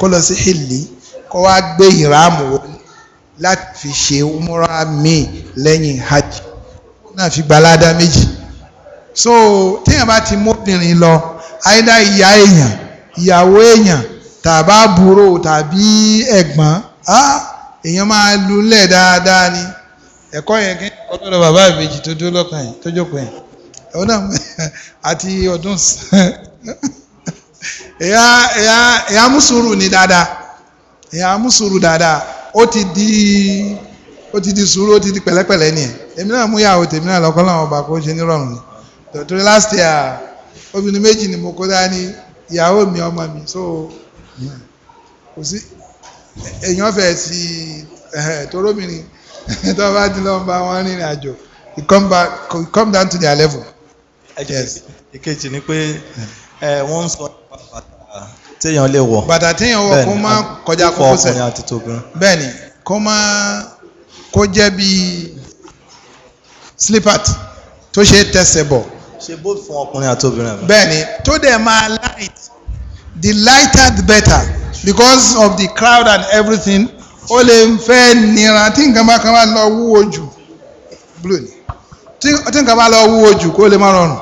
kó lọ sí hìlì kó wá gbé ìrààmù wọlé láti fi ṣe umra míì lẹ́yìn hajj kó náà fi gbalada méjì so téèyàn bá ti móbìnrin lọ àyídá ìyá èèyàn ìyàwó èèyàn tàbá àbúrò tàbí ẹ̀gbọ́n èèyàn máa lulẹ̀ dáadáa ni ẹ̀kọ́ yẹn kí ọlọ́dọ̀ bàbá ìbejì tó dúró lọ́kàn yẹn tó jókòó yẹn àti ọdún ẹ̀yà ẹ̀yà ẹ̀yà mùsùlùmù ni dada. ẹ̀yà mùsùlùmù dada. ó ti di ó ti di sùúrù ó ti di pẹ̀lẹ́pẹ̀lẹ́ nìyẹn èmi náà mú ìyàwó tèmi náà lọ́kọ́ làwọn ọba kó ṣe nírọ̀rùn ni tòtòrí last year obìnrin méjì ni mo kó dání ìyàwó mi ọmọ mi so kò sí èèyàn fẹ́ sí torobìnrin tó bá ti lọ́ọ́ bá wọn rìnrìn àjò come back it come down to their level ìkejì ni pé wọ́n ń sọ bàtà téèyàn lè wọ̀. bàtà téèyàn wọ̀ kó má kọjá kókósẹ̀ bẹ́ẹ̀ ni kó má kó jẹ́ bíi slippert tó ṣe é tẹsẹ̀ ṣe both fún ọkùnrin àti obìnrin. bẹ́ẹ̀ ni tó dẹ̀ máa light the lighter the better because of the crowd and everything ó lè fẹ́ nira tí nǹkan bá kan bá lọ wúwo jù blue ni tí nǹkan bá lọ wúwo jù kó lè má rọrùn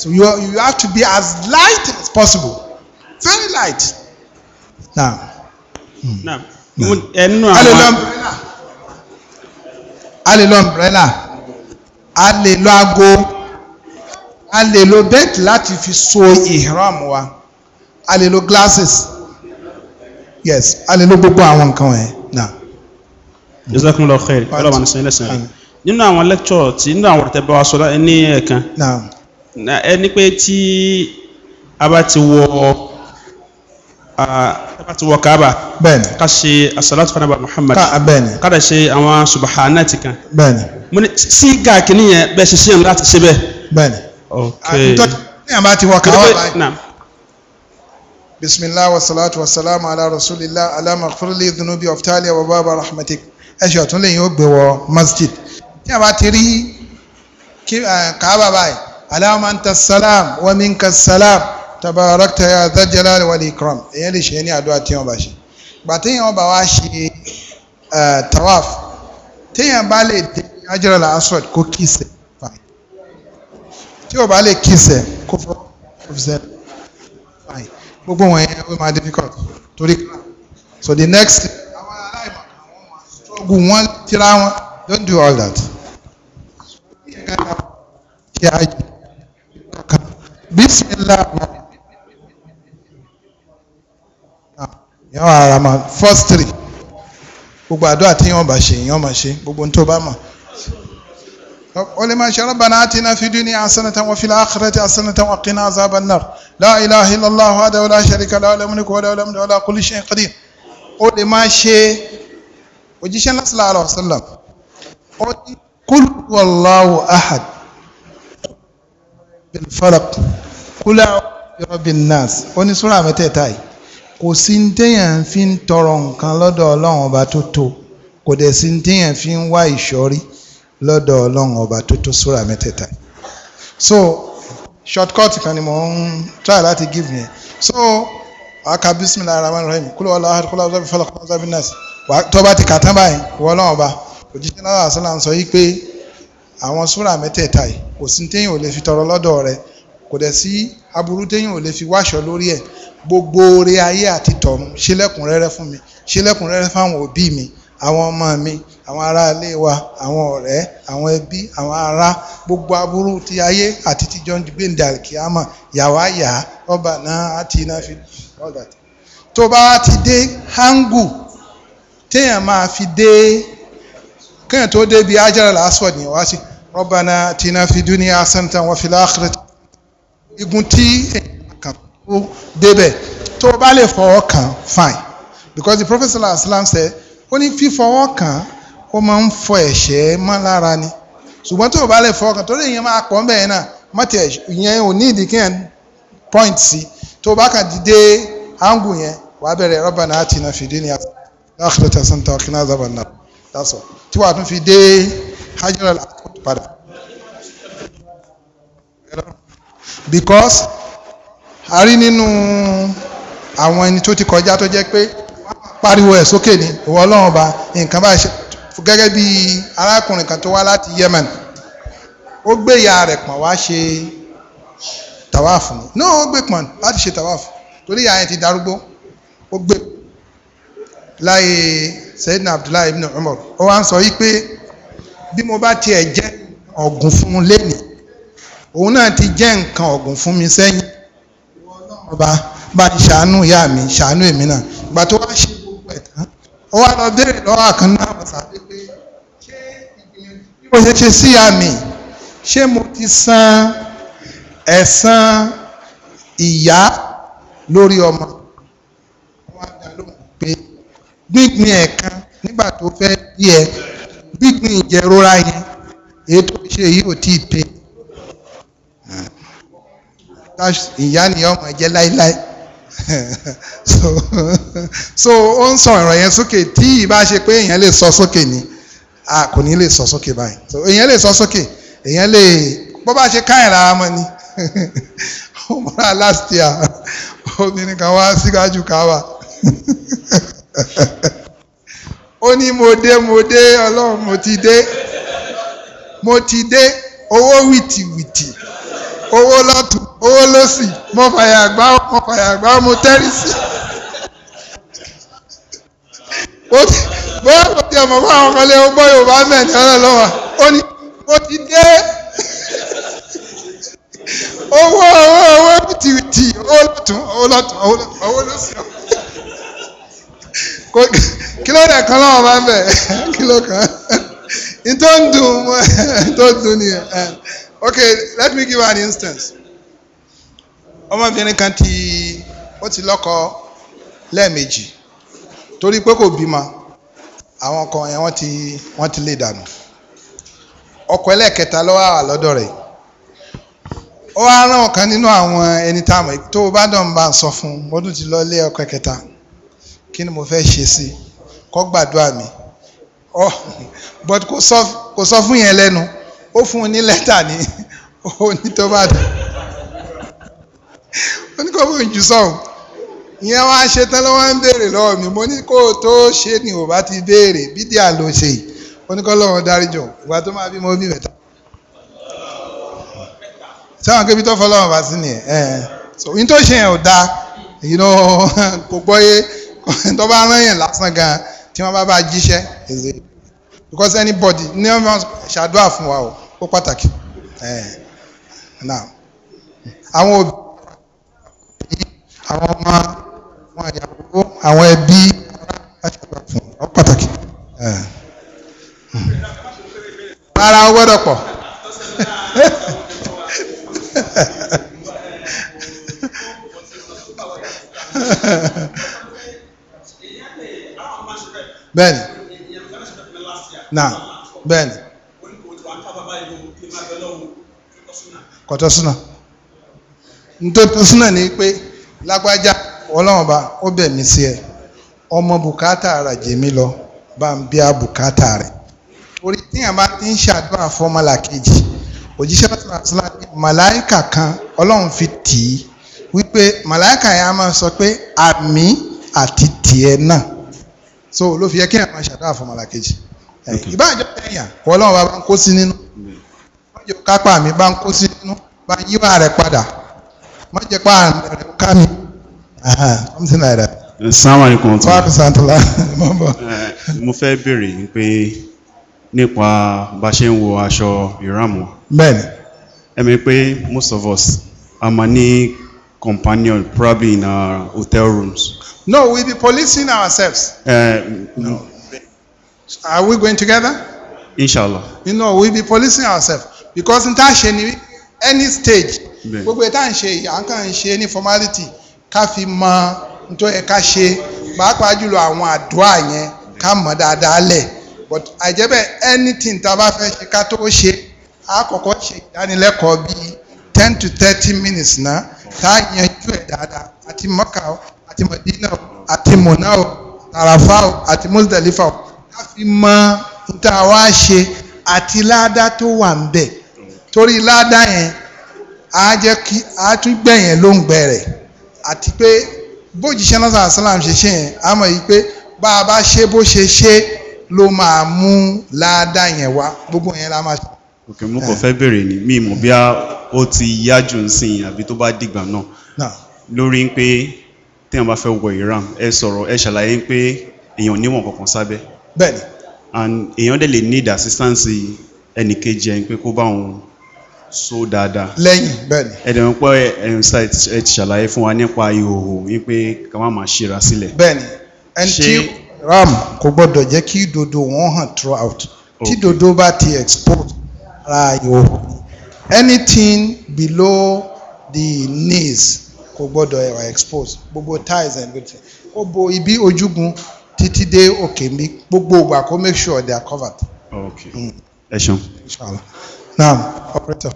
so you, you have to be as light as possible very light. Now. Mm. Now. ẹnu àwọn. a lè lo umbrella a lè lo aago a lè lo bẹ́ẹ̀tì láti fi so ìhram wa a lè lo glasses yes a lè lo gbogbo àwọn nǹkan wọ̀nyẹn. Jazakumullahu khair. Ọlọ́run àti sanyẹ́lẹ̀ sanyẹ́lẹ̀ nínú àwọn lecture tí nínú àwọn tẹ́ bá wa sọ ní ẹ̀kan ẹni pé tí a bá ti wọ a ti wọ kaaba ká ṣe asalatu fanaba muhammad ká dẹ̀ ṣe àwọn subahánàtì kan mo ní sí gàkí nìyẹn bẹ́ẹ̀ ṣe ṣe ń láti ṣe bẹ́ẹ̀. ok àtúntò ní àbá ti wọ kaaba báyìí. wa salatu wa salam ala rasulillah ala maghfirli dhunubi wa ftali wa baba rahmatik ẹ ṣe ọ̀tún lẹ́yìn ó gbé wọ masjid tí a bá ti rí kàábà báyìí aláwọ̀ anta salam wa minka salam tabarakta ya dha jalali wal ikram èyàn lè ṣe ní àdúrà tí wọ́n bá ṣe gbàtí yẹn wọ́n bá wá ṣe tawaf téèyàn bá lè dé ajral aswad kó kíìsẹ̀ fàáyì tí ò bá lè kíìsẹ̀ kó fọ́ fàáyì gbogbo wọn yẹn ó máa difficult torí kan so the next àwọn aláìmọ̀ kan wọ́n máa struggle wọ́n tira wọn don't do all that ka ya aji ka bisimilah yàwọn ara ma first three gbogbo àdúrà tí yàn bá ṣe yàn máa ṣe gbogbo n tó bá mọ. ó lè máa ṣe rabbana atina fid dunya hasanatan wa fil akhirati hasanatan wa qina azaban nar la ilaha illallah wahdahu la sharika lahu lahul mulku wa lahul hamdu wa ala kulli shay'in lè máa ṣe òjíṣẹ́ náà sallallahu alaihi wasallam قل الله أحد بالفلق قل رب الناس ó ní súrà mẹ́tẹ̀ẹ̀ta yìí kò sí ní téèyàn fi ń tọrọ nǹkan lọ́dọ̀ ọlọ́run ọba tó tó kò dẹ̀ sí ní fi ń wá ìṣọ́rí lọ́dọ̀ ọlọ́run ọba tó tó súrà mẹ́tẹ̀ẹ̀ta yìí so shortcut kan ni mo ń try láti give me so aka bisimilahi rahman rahim kúlọ̀ ọlọ́run kúlọ̀ ọlọ́run fẹlẹ̀ kúlọ̀ ọlọ́run fẹlẹ̀ nas tó bá ti kà tán báyìí wọ́n ọlọ́run ọba òjíṣẹ́ náà àṣọlá ń sọ yìí pé àwọn súrà mẹ́tẹ̀ẹ̀ta yìí kò sí téyàn ò lè fi tọrọ lọ́dọ̀ rẹ̀ kò dẹ̀ sí aburú téyàn ò lè fi wáṣọ lórí ẹ̀ gbogbo oore ayé àti tọ̀run ṣílẹ̀kùnrẹ́rẹ́ fún mi ṣílẹ̀kùnrẹ́rẹ́ fáwọn òbí mi àwọn ọmọ mi àwọn ará ilé wa àwọn ọ̀rẹ́ àwọn ẹbí àwọn ará gbogbo aburú ti ayé àti tíjọ́ gbẹ̀ǹdà kìámà yàwá yà ọba náà àti iná fi all that. tó bá ti dé hangu téèyàn máa fi dé kéèyàn tó dé bi Hajar al-Aswad yẹn wá sí Rabbana atina fi dunya hasanatan wa fil akhirati igun kan tó débẹ̀ tó o bá lè fọwọ́ fine because the Prophet sallallahu alaihi wa said ó ní fífọwọ́ kàn ó máa ń fọ ẹ̀ṣẹ̀ mọ́ lára ni ṣùgbọ́n tó o bá lè fọwọ́ kàn torí ìyẹn máa pọ̀ mbẹ́yẹn náà mọ́tì ìyẹn ò ní ìdí kéèyàn point sí tó o bá kàn dìde áńgù yẹn wàá bẹ̀rẹ̀ Rabbana atina fid dunya hasanatan wa fil akhirati hasanatan wa qina adhaban nar that's all tí wàá tún fi dé hajjira lásìkò padà because a rí nínú àwọn ẹni tó ti kọjá tó jẹ́ pé pariwo ẹ̀ sókè ni ìwọ ọlọ́run ọba nǹkan bá ṣe gẹ́gẹ́ bí arákùnrin kan tó wá láti Yemen ó gbé ìyá rẹ̀ pọ̀n wá ṣe tàwáàfù ni náà ó gbé pọ̀n láti ṣe tàwáàfù torí ìyá yẹn ti darúgbó ó gbé láyé Sayyidina Abdullahi ibn Umar ó wá ń sọ yí pé bí mo bá tiẹ̀ jẹ́ ọ̀gùn fún un lẹ́nìí òun náà ti jẹ́ nǹkan ọ̀gùn fún mi sẹ́yìn ọba bá ní ṣàánú ìyá mi ṣàánú èmi náà ìgbà tó wá ṣe gbogbo ẹ̀ tán ó wá lọ béèrè lọ́wọ́ àkànná àwọn sàbẹ̀ pé ṣé ìgbìyànjú bí mo ṣe ṣe sí ìyá mi ṣé mo ti san ẹ̀san ìyá lórí ọmọ gbígbin ẹ̀kan nígbà tó fẹ́ bí ẹ gbígbin ìjẹrora yẹn èyí tó ṣe yìí ò tí ì pé ìyá nìyẹn ọmọ jẹ láíláí so so ó ń sọ ọ̀rọ̀ yẹn sókè tí ìbá ṣe pé èèyàn lè sọ sókè ni a kò ní lè sọ sókè báyìí so èèyàn lè sọ sókè èèyàn lè bó bá ṣe káyìn rárá mọ́ ni ó mọ́ra last year obìnrin kan wá síwájú ká wà. ó ní mo dé mo dé ọlọ́run mo ti dé mo ti dé owó wìtìwìtì owó lọ́tù owó lọ́sì mo fàyà gbá mo fàyà gbá mo tẹ́rí sí bóyá mo ti ọmọ fún àwọn ọmọlé ó gbọ́ Yorùbá mẹ́rin ọ̀rọ̀ lọ́wọ́ ó ní mo ti dé owó owó owó wìtìwìtì owó lọ́tù owó lọ́tù owó lọ́sì. kí ló kan lọ́wọ́ máa ń bẹ̀ kí ló kan tó ń dùn tó ń dùn nìyẹn eh. okay let me give an instance ọmọbìnrin kan ti ó ti lọ́kọ lẹ́ẹ̀mejì torí pé kò bímọ àwọn kan yẹn wọ́n ti wọ́n ti lè dànù ọkọ ẹlẹ́ẹ̀kẹta ló wà lọ́dọ̀ rẹ̀ ó wá rán ọ̀kan nínú àwọn ẹni tá a mọ̀ tó o bá dàn bá sọ fún un mo tún ti lọ lé ọkọ ẹ̀kẹta kí ni mo fẹ́ ṣe sí i kó gbàdúrà mi ọ but kò sọ kò sọ fún yẹn lẹ́nu ó fún un ní lẹ́tà ní onítọ́bàdàn oníkọ́bùn jù sọ̀hún ìyẹn wá ṣe tán lọ́wọ́ ń béèrè lọ́wọ́ mi mo ní kó o tó ṣe ni ò bá ti béèrè bídí àlọ́ ṣe yìí oníkọ́lọ́wọ́ dáríjọ ìgbà tó máa bí mo bí mẹ́ta sáwọn kébi tó fọlọ́wọ́ bá sí nìyẹn ẹ̀ so ní tó ṣe yẹn ò dáa you know kò gbọ́ yé tó bá rán yẹn lásán gan tí wọ́n bá bá jíṣẹ́ èzè because anybody ní wọ́n ṣàdúrà fún wa o ó pàtàkì eh. àwọn òbí àwọn ọmọ àwọn ìyàwó àwọn ẹbí. ọ̀tọ̀ súnà nítorí ni pé lágbájá ọlọ́run ọba ó bẹ̀ mí sí ẹ ọmọ bùkátà rà jèmi lọ bá ń bí a bùkátà rẹ̀ torí tíyàn bá ti ń ṣàdúrà fọmọlà kejì òjíṣẹ́ lọ́sọ̀rọ̀sọ́lá ní màláìkà kan ọlọ́run fi tì í wípé màláìkà yẹn a máa sọ pé àmì àti tìẹ náà so ló fi yẹ kí àwọn ṣàdúrà fọmọlà kejì ìbáàjọ ẹ̀yà ọlọ́run bá ń kó sí nínú ọjọ́ kápá mi bá ń kó sí nínú bá yíwá rẹ padà má jẹ́ pa rẹ ká mi something like that. sáwọn àríkùn tó wà bísàntàlá mọ́bọ̀. mo fẹ́ béèrè pé nípa bá ṣe ń wo aṣọ ìrámù. bẹ́ẹ̀ni. ẹ̀mí pé most of us a máa ní companion probably in our hotel rooms. No, we be policing ourselves. Uh, no. Are we going together? Inshallah. You know, we be policing ourselves because in Tasheni, any stage gbogbo ètò à ń ṣe à ń kàn ń ṣe ní formality ká fi mọ tó yẹ ká ṣe pàápàá jùlọ àwọn àdúrà yẹn ká mọ̀ dáadáa lẹ̀ but àìjẹ́bẹ̀ anything tá a bá fẹ́ ṣe ká tó ṣe á kọ́kọ́ ṣe ìdánilẹ́kọ̀ọ́ bíi ten to thirty minutes náà tá a yanjú ẹ̀ dáadáa àti Mọ́kà o àti Mọ̀dínà o àti Mọ̀nà o Tàràfà o àti Mùsùlùmí o ká fi mọ a ṣe àti ládàá tó wà ń torí ládàá yẹn á jẹ́ kí á tún gbẹ̀yẹn ló ń gbẹ̀rẹ̀ àti pé bójìṣẹ́ náà sàlám ṣe ṣe yẹn á mọ̀ yìí pé bá a bá ṣe bó ṣe ṣe ló máa mú ládàá yẹn wá gbogbo yẹn la máa ṣe. ok mo fẹ́ bèrè ni mi mọ̀ bí ó ti yá jù ń sìn àbí tó bá dìgbà náà lórí pé téèyàn bá fẹ́ wọ ìram ẹ sọ̀rọ̀ ẹ ṣàlàyé pé èèyàn níwọ̀n kankan sábẹ́. bẹ́ẹ̀ni. and èèyàn dẹ̀ lè need assistance ẹnìkejì ẹ̀ pé kó bá òun so dáadáa. lẹ́yìn bẹ́ẹ̀ni. ẹ̀dẹ̀mọ̀ pé ẹ̀ǹsà ẹ̀ ti ṣàlàyé fún wa nípa ìhòòhò wípé ká má máa ṣíra sílẹ̀. bẹ́ẹ̀ni ẹni tí ram kò gbọ́dọ̀ jẹ́ kí dodo wọn hàn throughout tí dodo bá ti expose ara ìhòòhò anything below the knees kò gbọ́dọ̀ ẹ̀wà expose gbogbo thighs and everything ó bo ibi ojúgun títí dé òkè mi gbogbo ìgbà kó make sure they are covered. ok hmm. ẹ ṣeun. inshallah. Naam, operator.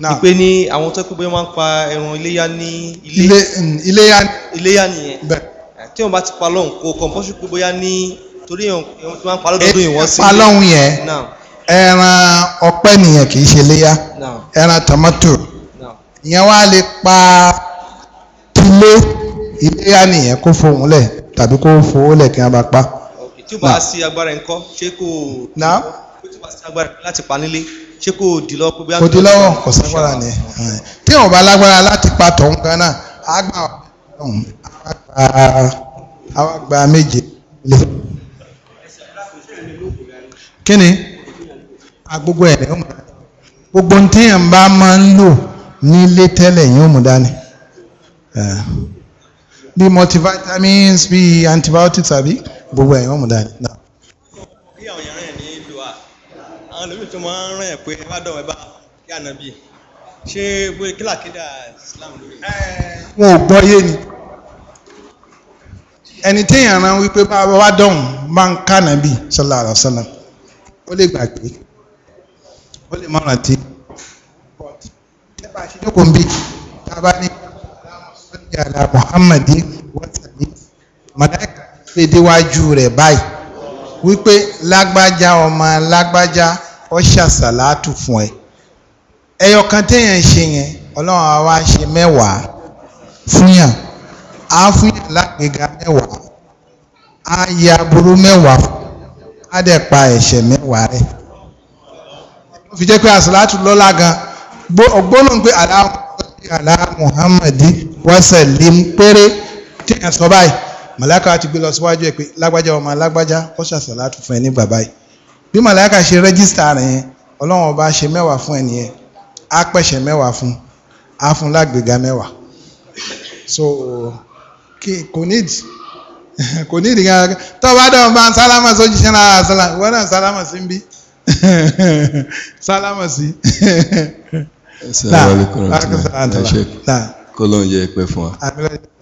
Naam. Ìpè ní àwọn tó kú bóyá máa ń pa ẹran iléyá ní ilé. Mm, iléyá. Iléyá nìyẹn. Bẹ́ẹ̀. Tí wọ́n bá ti pa lọ́hùn kó kọ̀m̀pọ́sù pé bóyá ní torí ẹ̀hún tí wọ́n pa lọ́dọọdún ìwọ́n sí. Pa lọ́hùn yẹn. Naam. Ẹran ọ̀pẹ nìyẹn kì í ṣe iléyá. Naam. Ẹran tòmátò. Naam. Ìyẹn wá lè pa tilé iléyá nìyẹn kó fohùn lẹ̀ tàbí kó fowó lẹ̀ kí wọ́n bá pa tí ó bá sí agbára ńkọ́ ṣé kò. náà tí ó bá sí agbára láti pa nílé ṣé kò dì lọ pé bí a. kò dì lọ́wọ́ ni tí wọn bá lágbára láti pa tọ̀hún gánà á gbà àwọn àgbà méje kí ni agbogbo ẹ̀ lẹ́yìn mọ̀ gbogbo tí yẹn bá máa ń lò nílé tẹ́lẹ̀ yóò mú dání bí multivitamins bí antibiotics àbí. Uh, gbogbo ẹ̀yin wọ́n mú dání. bí àwọn yàrá ẹ̀ ní ìlú wa àwọn olóbì tó máa ń rìn ẹ̀ pé ẹ bá dọ̀wọ́ ẹ bá kí ànábì ṣé bóyá kí làkídà Islam lórí. wọn ò gbọ́ yé ni ẹni téèyàn rán wípé bá wá dọ̀hún máa ń ká ànábì sallallahu alaihi wasallam ó lè gbàgbé ó lè má rántí bá a ṣe jókòó ń bí tá a bá ní aláàmú sọ́jà aláàmú Muhammadi wọ́n tàbí màláìka gbé déwájú rẹ̀ báyìí wípé lágbájá ọmọ lágbájá ọ ṣàṣàlátù fún ẹ ẹyọ kan téèyàn ń ṣe yẹn ọlọ́run á wá ṣe mẹ́wàá fúnyàn á fúnyàn lágbèéga mẹ́wàá á yẹ aburú mẹ́wàá á dẹ̀ pa ẹ̀ṣẹ̀ mẹ́wàá rẹ̀ ó fi jẹ́ pé àṣàlátù lọ́lá gan gbólóhùn pé àlá Muhammadi wọ́n sẹ̀ lé péré téèyàn sọ báyìí màláìka ti gbé lọ síwájú ẹ pé lágbájá ọmọ lágbájá ó ṣàṣàlátù fún ẹ ní bàbá yìí bí màláìka ṣe rẹ́gísítà rẹ̀ yẹn ọlọ́run ọba ṣe mẹ́wàá fún ẹ á pẹ̀ṣẹ̀ mẹ́wàá fún á fún lágbègà mẹ́wàá so kò ní ìdí kò ní ìdí kankan tó o bá dáhùn bá ń sálámà sójú ṣe náà àṣàlá ìwọ náà sálámà sí ń bí sálámà sí. Assalamu alaikum warahmatullahi kọlọ́n yẹ pẹ́ fún wa.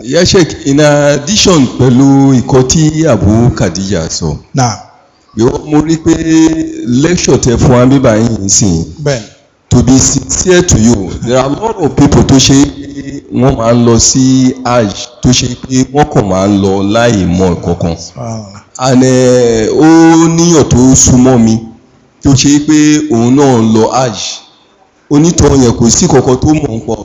ìyá sheik in addition pẹ̀lú ikọ̀ tí Abu Khadija sọ. ìwọ mo rí pé lecture tẹ fún wa bíbá yìí sìn. to be sincere to you there are a lot of people tó ṣe wọ́n máa ń lọ sí hajj tó ṣe pé wọ́n kàn máa ń lọ láì mọ kankan. and eh, ó níyàn tó súnmọ́ mi tó ṣe pé òun náà lọ hajj onítọ̀ yẹn kò sí kankan tó mọ̀ ń pọ̀.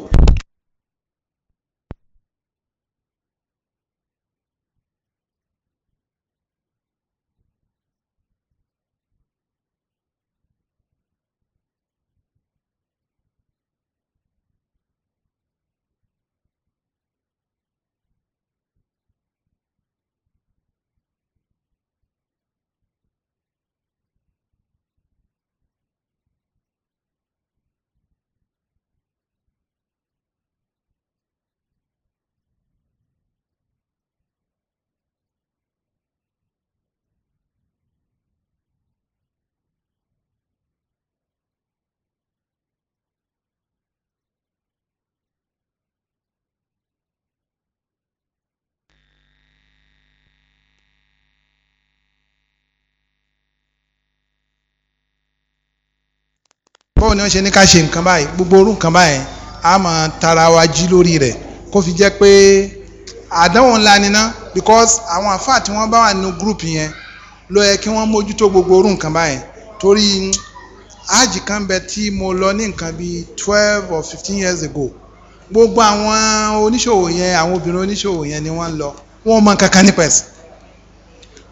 ni wọ́n ṣe ní ká ṣe nǹkan báyìí gbogbo orú nǹkan báyìí a máa tara wa jí lórí rẹ̀ kó fi jẹ́ pé àdánwò ńlá ni ná because àwọn àfáà tí wọ́n bá wà nínú group yẹn ló yẹ kí wọ́n mójútó gbogbo orú nǹkan báyìí torí áàjì kan bẹ tí mo lọ ní nǹkan bíi twelve or fifteen years ago gbogbo àwọn oníṣòwò yẹn àwọn obìnrin oníṣòwò yẹn ni wọ́n ń lọ wọ́n mọ kankan nípa ẹ̀sìn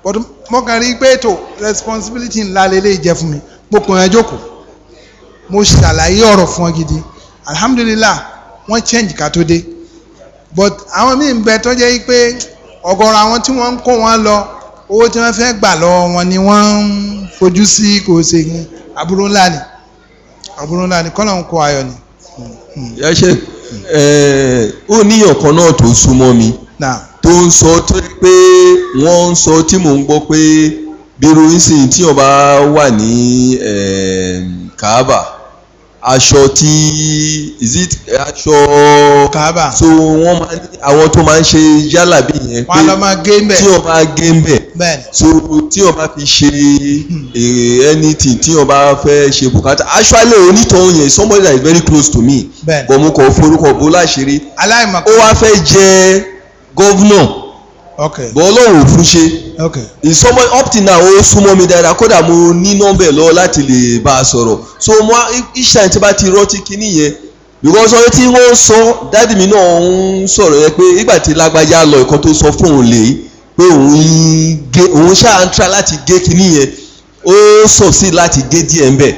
but mo kàn rí responsibility ńlá lélẹ́yìí jẹ́ fún mi gbogbo yẹn jókòó mo ṣàlàyé ọ̀rọ̀ fún ọ gidi alhamdulillah wọ́n change ká tó dé but àwọn míì ń bẹ tó jẹ́ pé ọ̀gọ̀rọ̀ àwọn tí wọ́n ń kó wọn lọ owó tí wọ́n fẹ́ gbà lọ́wọ́ wọn ni wọ́n ń fojú sí kò ṣe aburú ńlá ni aburú ńlá ni kọ́nà ń kó ayọ̀ ni. yà ṣe ó ní ọ̀kan náà tó súnmọ́ mi tó ń sọ tó pé wọ́n ń sọ tí mò ń gbọ́ pé bírò ń sìn tí ọba wà ní Kaaba. aṣọ tí is it aṣọ kaaba so wọ́n máa ní àwọn tó máa ń ṣe yálà bí yẹn pé tí o bá gé ń bẹ̀ so tí o bá fi ṣe hmm. eh, anything tí o bá fẹ́ ṣe bùkátà actually onítọ̀hún yẹn somebody that is very close to me but mo kàn forúkọ bó láṣìírí ó wá fẹ́ jẹ gọ́vnọ̀ okay. but ọlọ́run ò fún ṣe ìsọmọ up till now ó súnmọ́ mi dáadáa kódà mo ní nọ́mbẹ̀ lọ láti lè bá a sọ̀rọ̀ so mo each time tí bá ti rọ́ọ̀tì kínní yẹn because ọ̀rẹ́ tí wọ́n sọ dáàdì mi náà ń sọ̀rọ̀ yẹn pé ìgbà tí lágbájá lọ ìkan tó sọ fún òun lè pé òun gé òun ṣáà ń tra láti gé kínní yẹn ó sọ sí láti gé díẹ̀ ń bẹ̀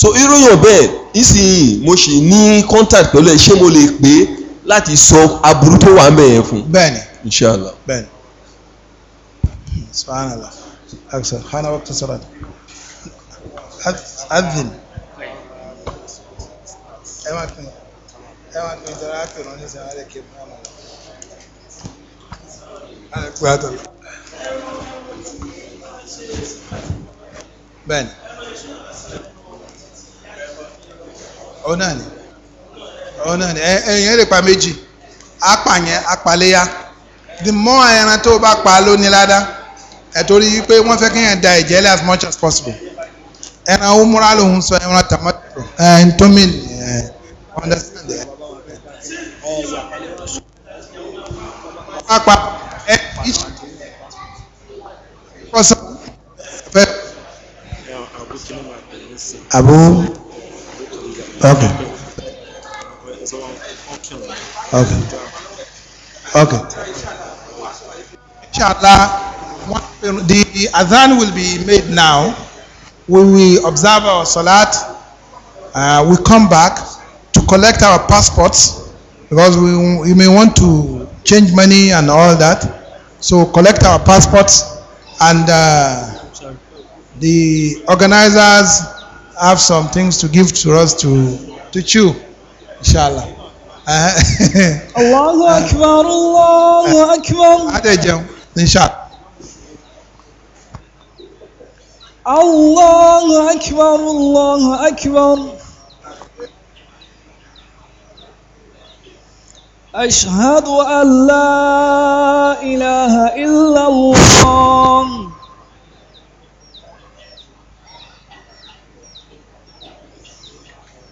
so ìròyìn bẹ́ẹ̀ ìsìn mo sì ní contact pẹ̀lú ẹ̀ ṣé mo lè pè láti sọ aburú tó wà ń bẹ̀ yẹn fún. bẹ́ẹ̀ni inṣàlá. bẹ́ẹ̀ni subhanallah aksan hana wakta salat adhin ẹ máa pín ẹ máa pín ìtọ́ra àpè wọn ní sẹ́wọ́n lè ké mọ́ ọ̀nà lọ. pé àtọ̀ ni ẹ̀yìn ẹ̀ pa méjì apà yẹn the more ẹran tó bá pa ló ní ládá ẹ̀tọ́rí wípé wọ́n fẹ́ kéèyàn da ẹ̀jẹ̀ lẹ́ as much as possible ẹran umura lòun sọ ẹran tamato ẹ̀ ntomin ẹ̀ understand ẹ̀. pápá ẹ̀ iṣẹ́ kọ́sọ́ fẹ́. Abu okay. okay. Okay. Inshallah, the adhan will be made now. When we observe our salat, uh, we come back to collect our passports because we, we may want to change money and all that. So collect our passports and uh, the organizers have some things to give to us to, to chew, inshallah. Ee, Allahu akbar, Allahu akbar. Adéjẹun ní ṣáà. Allahu akbar, Allahu akbar. أشهد أن لا إله إلا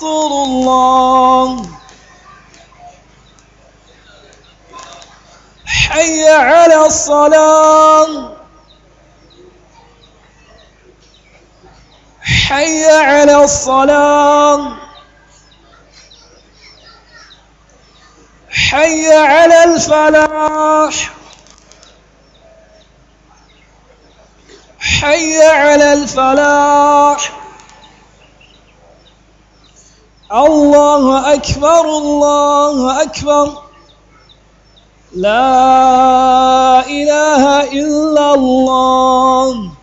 رسول الله حي على الصلاة حي على الصلاة حي على الفلاح حي على الفلاح الله أكبر الله أكبر لا إله إلا الله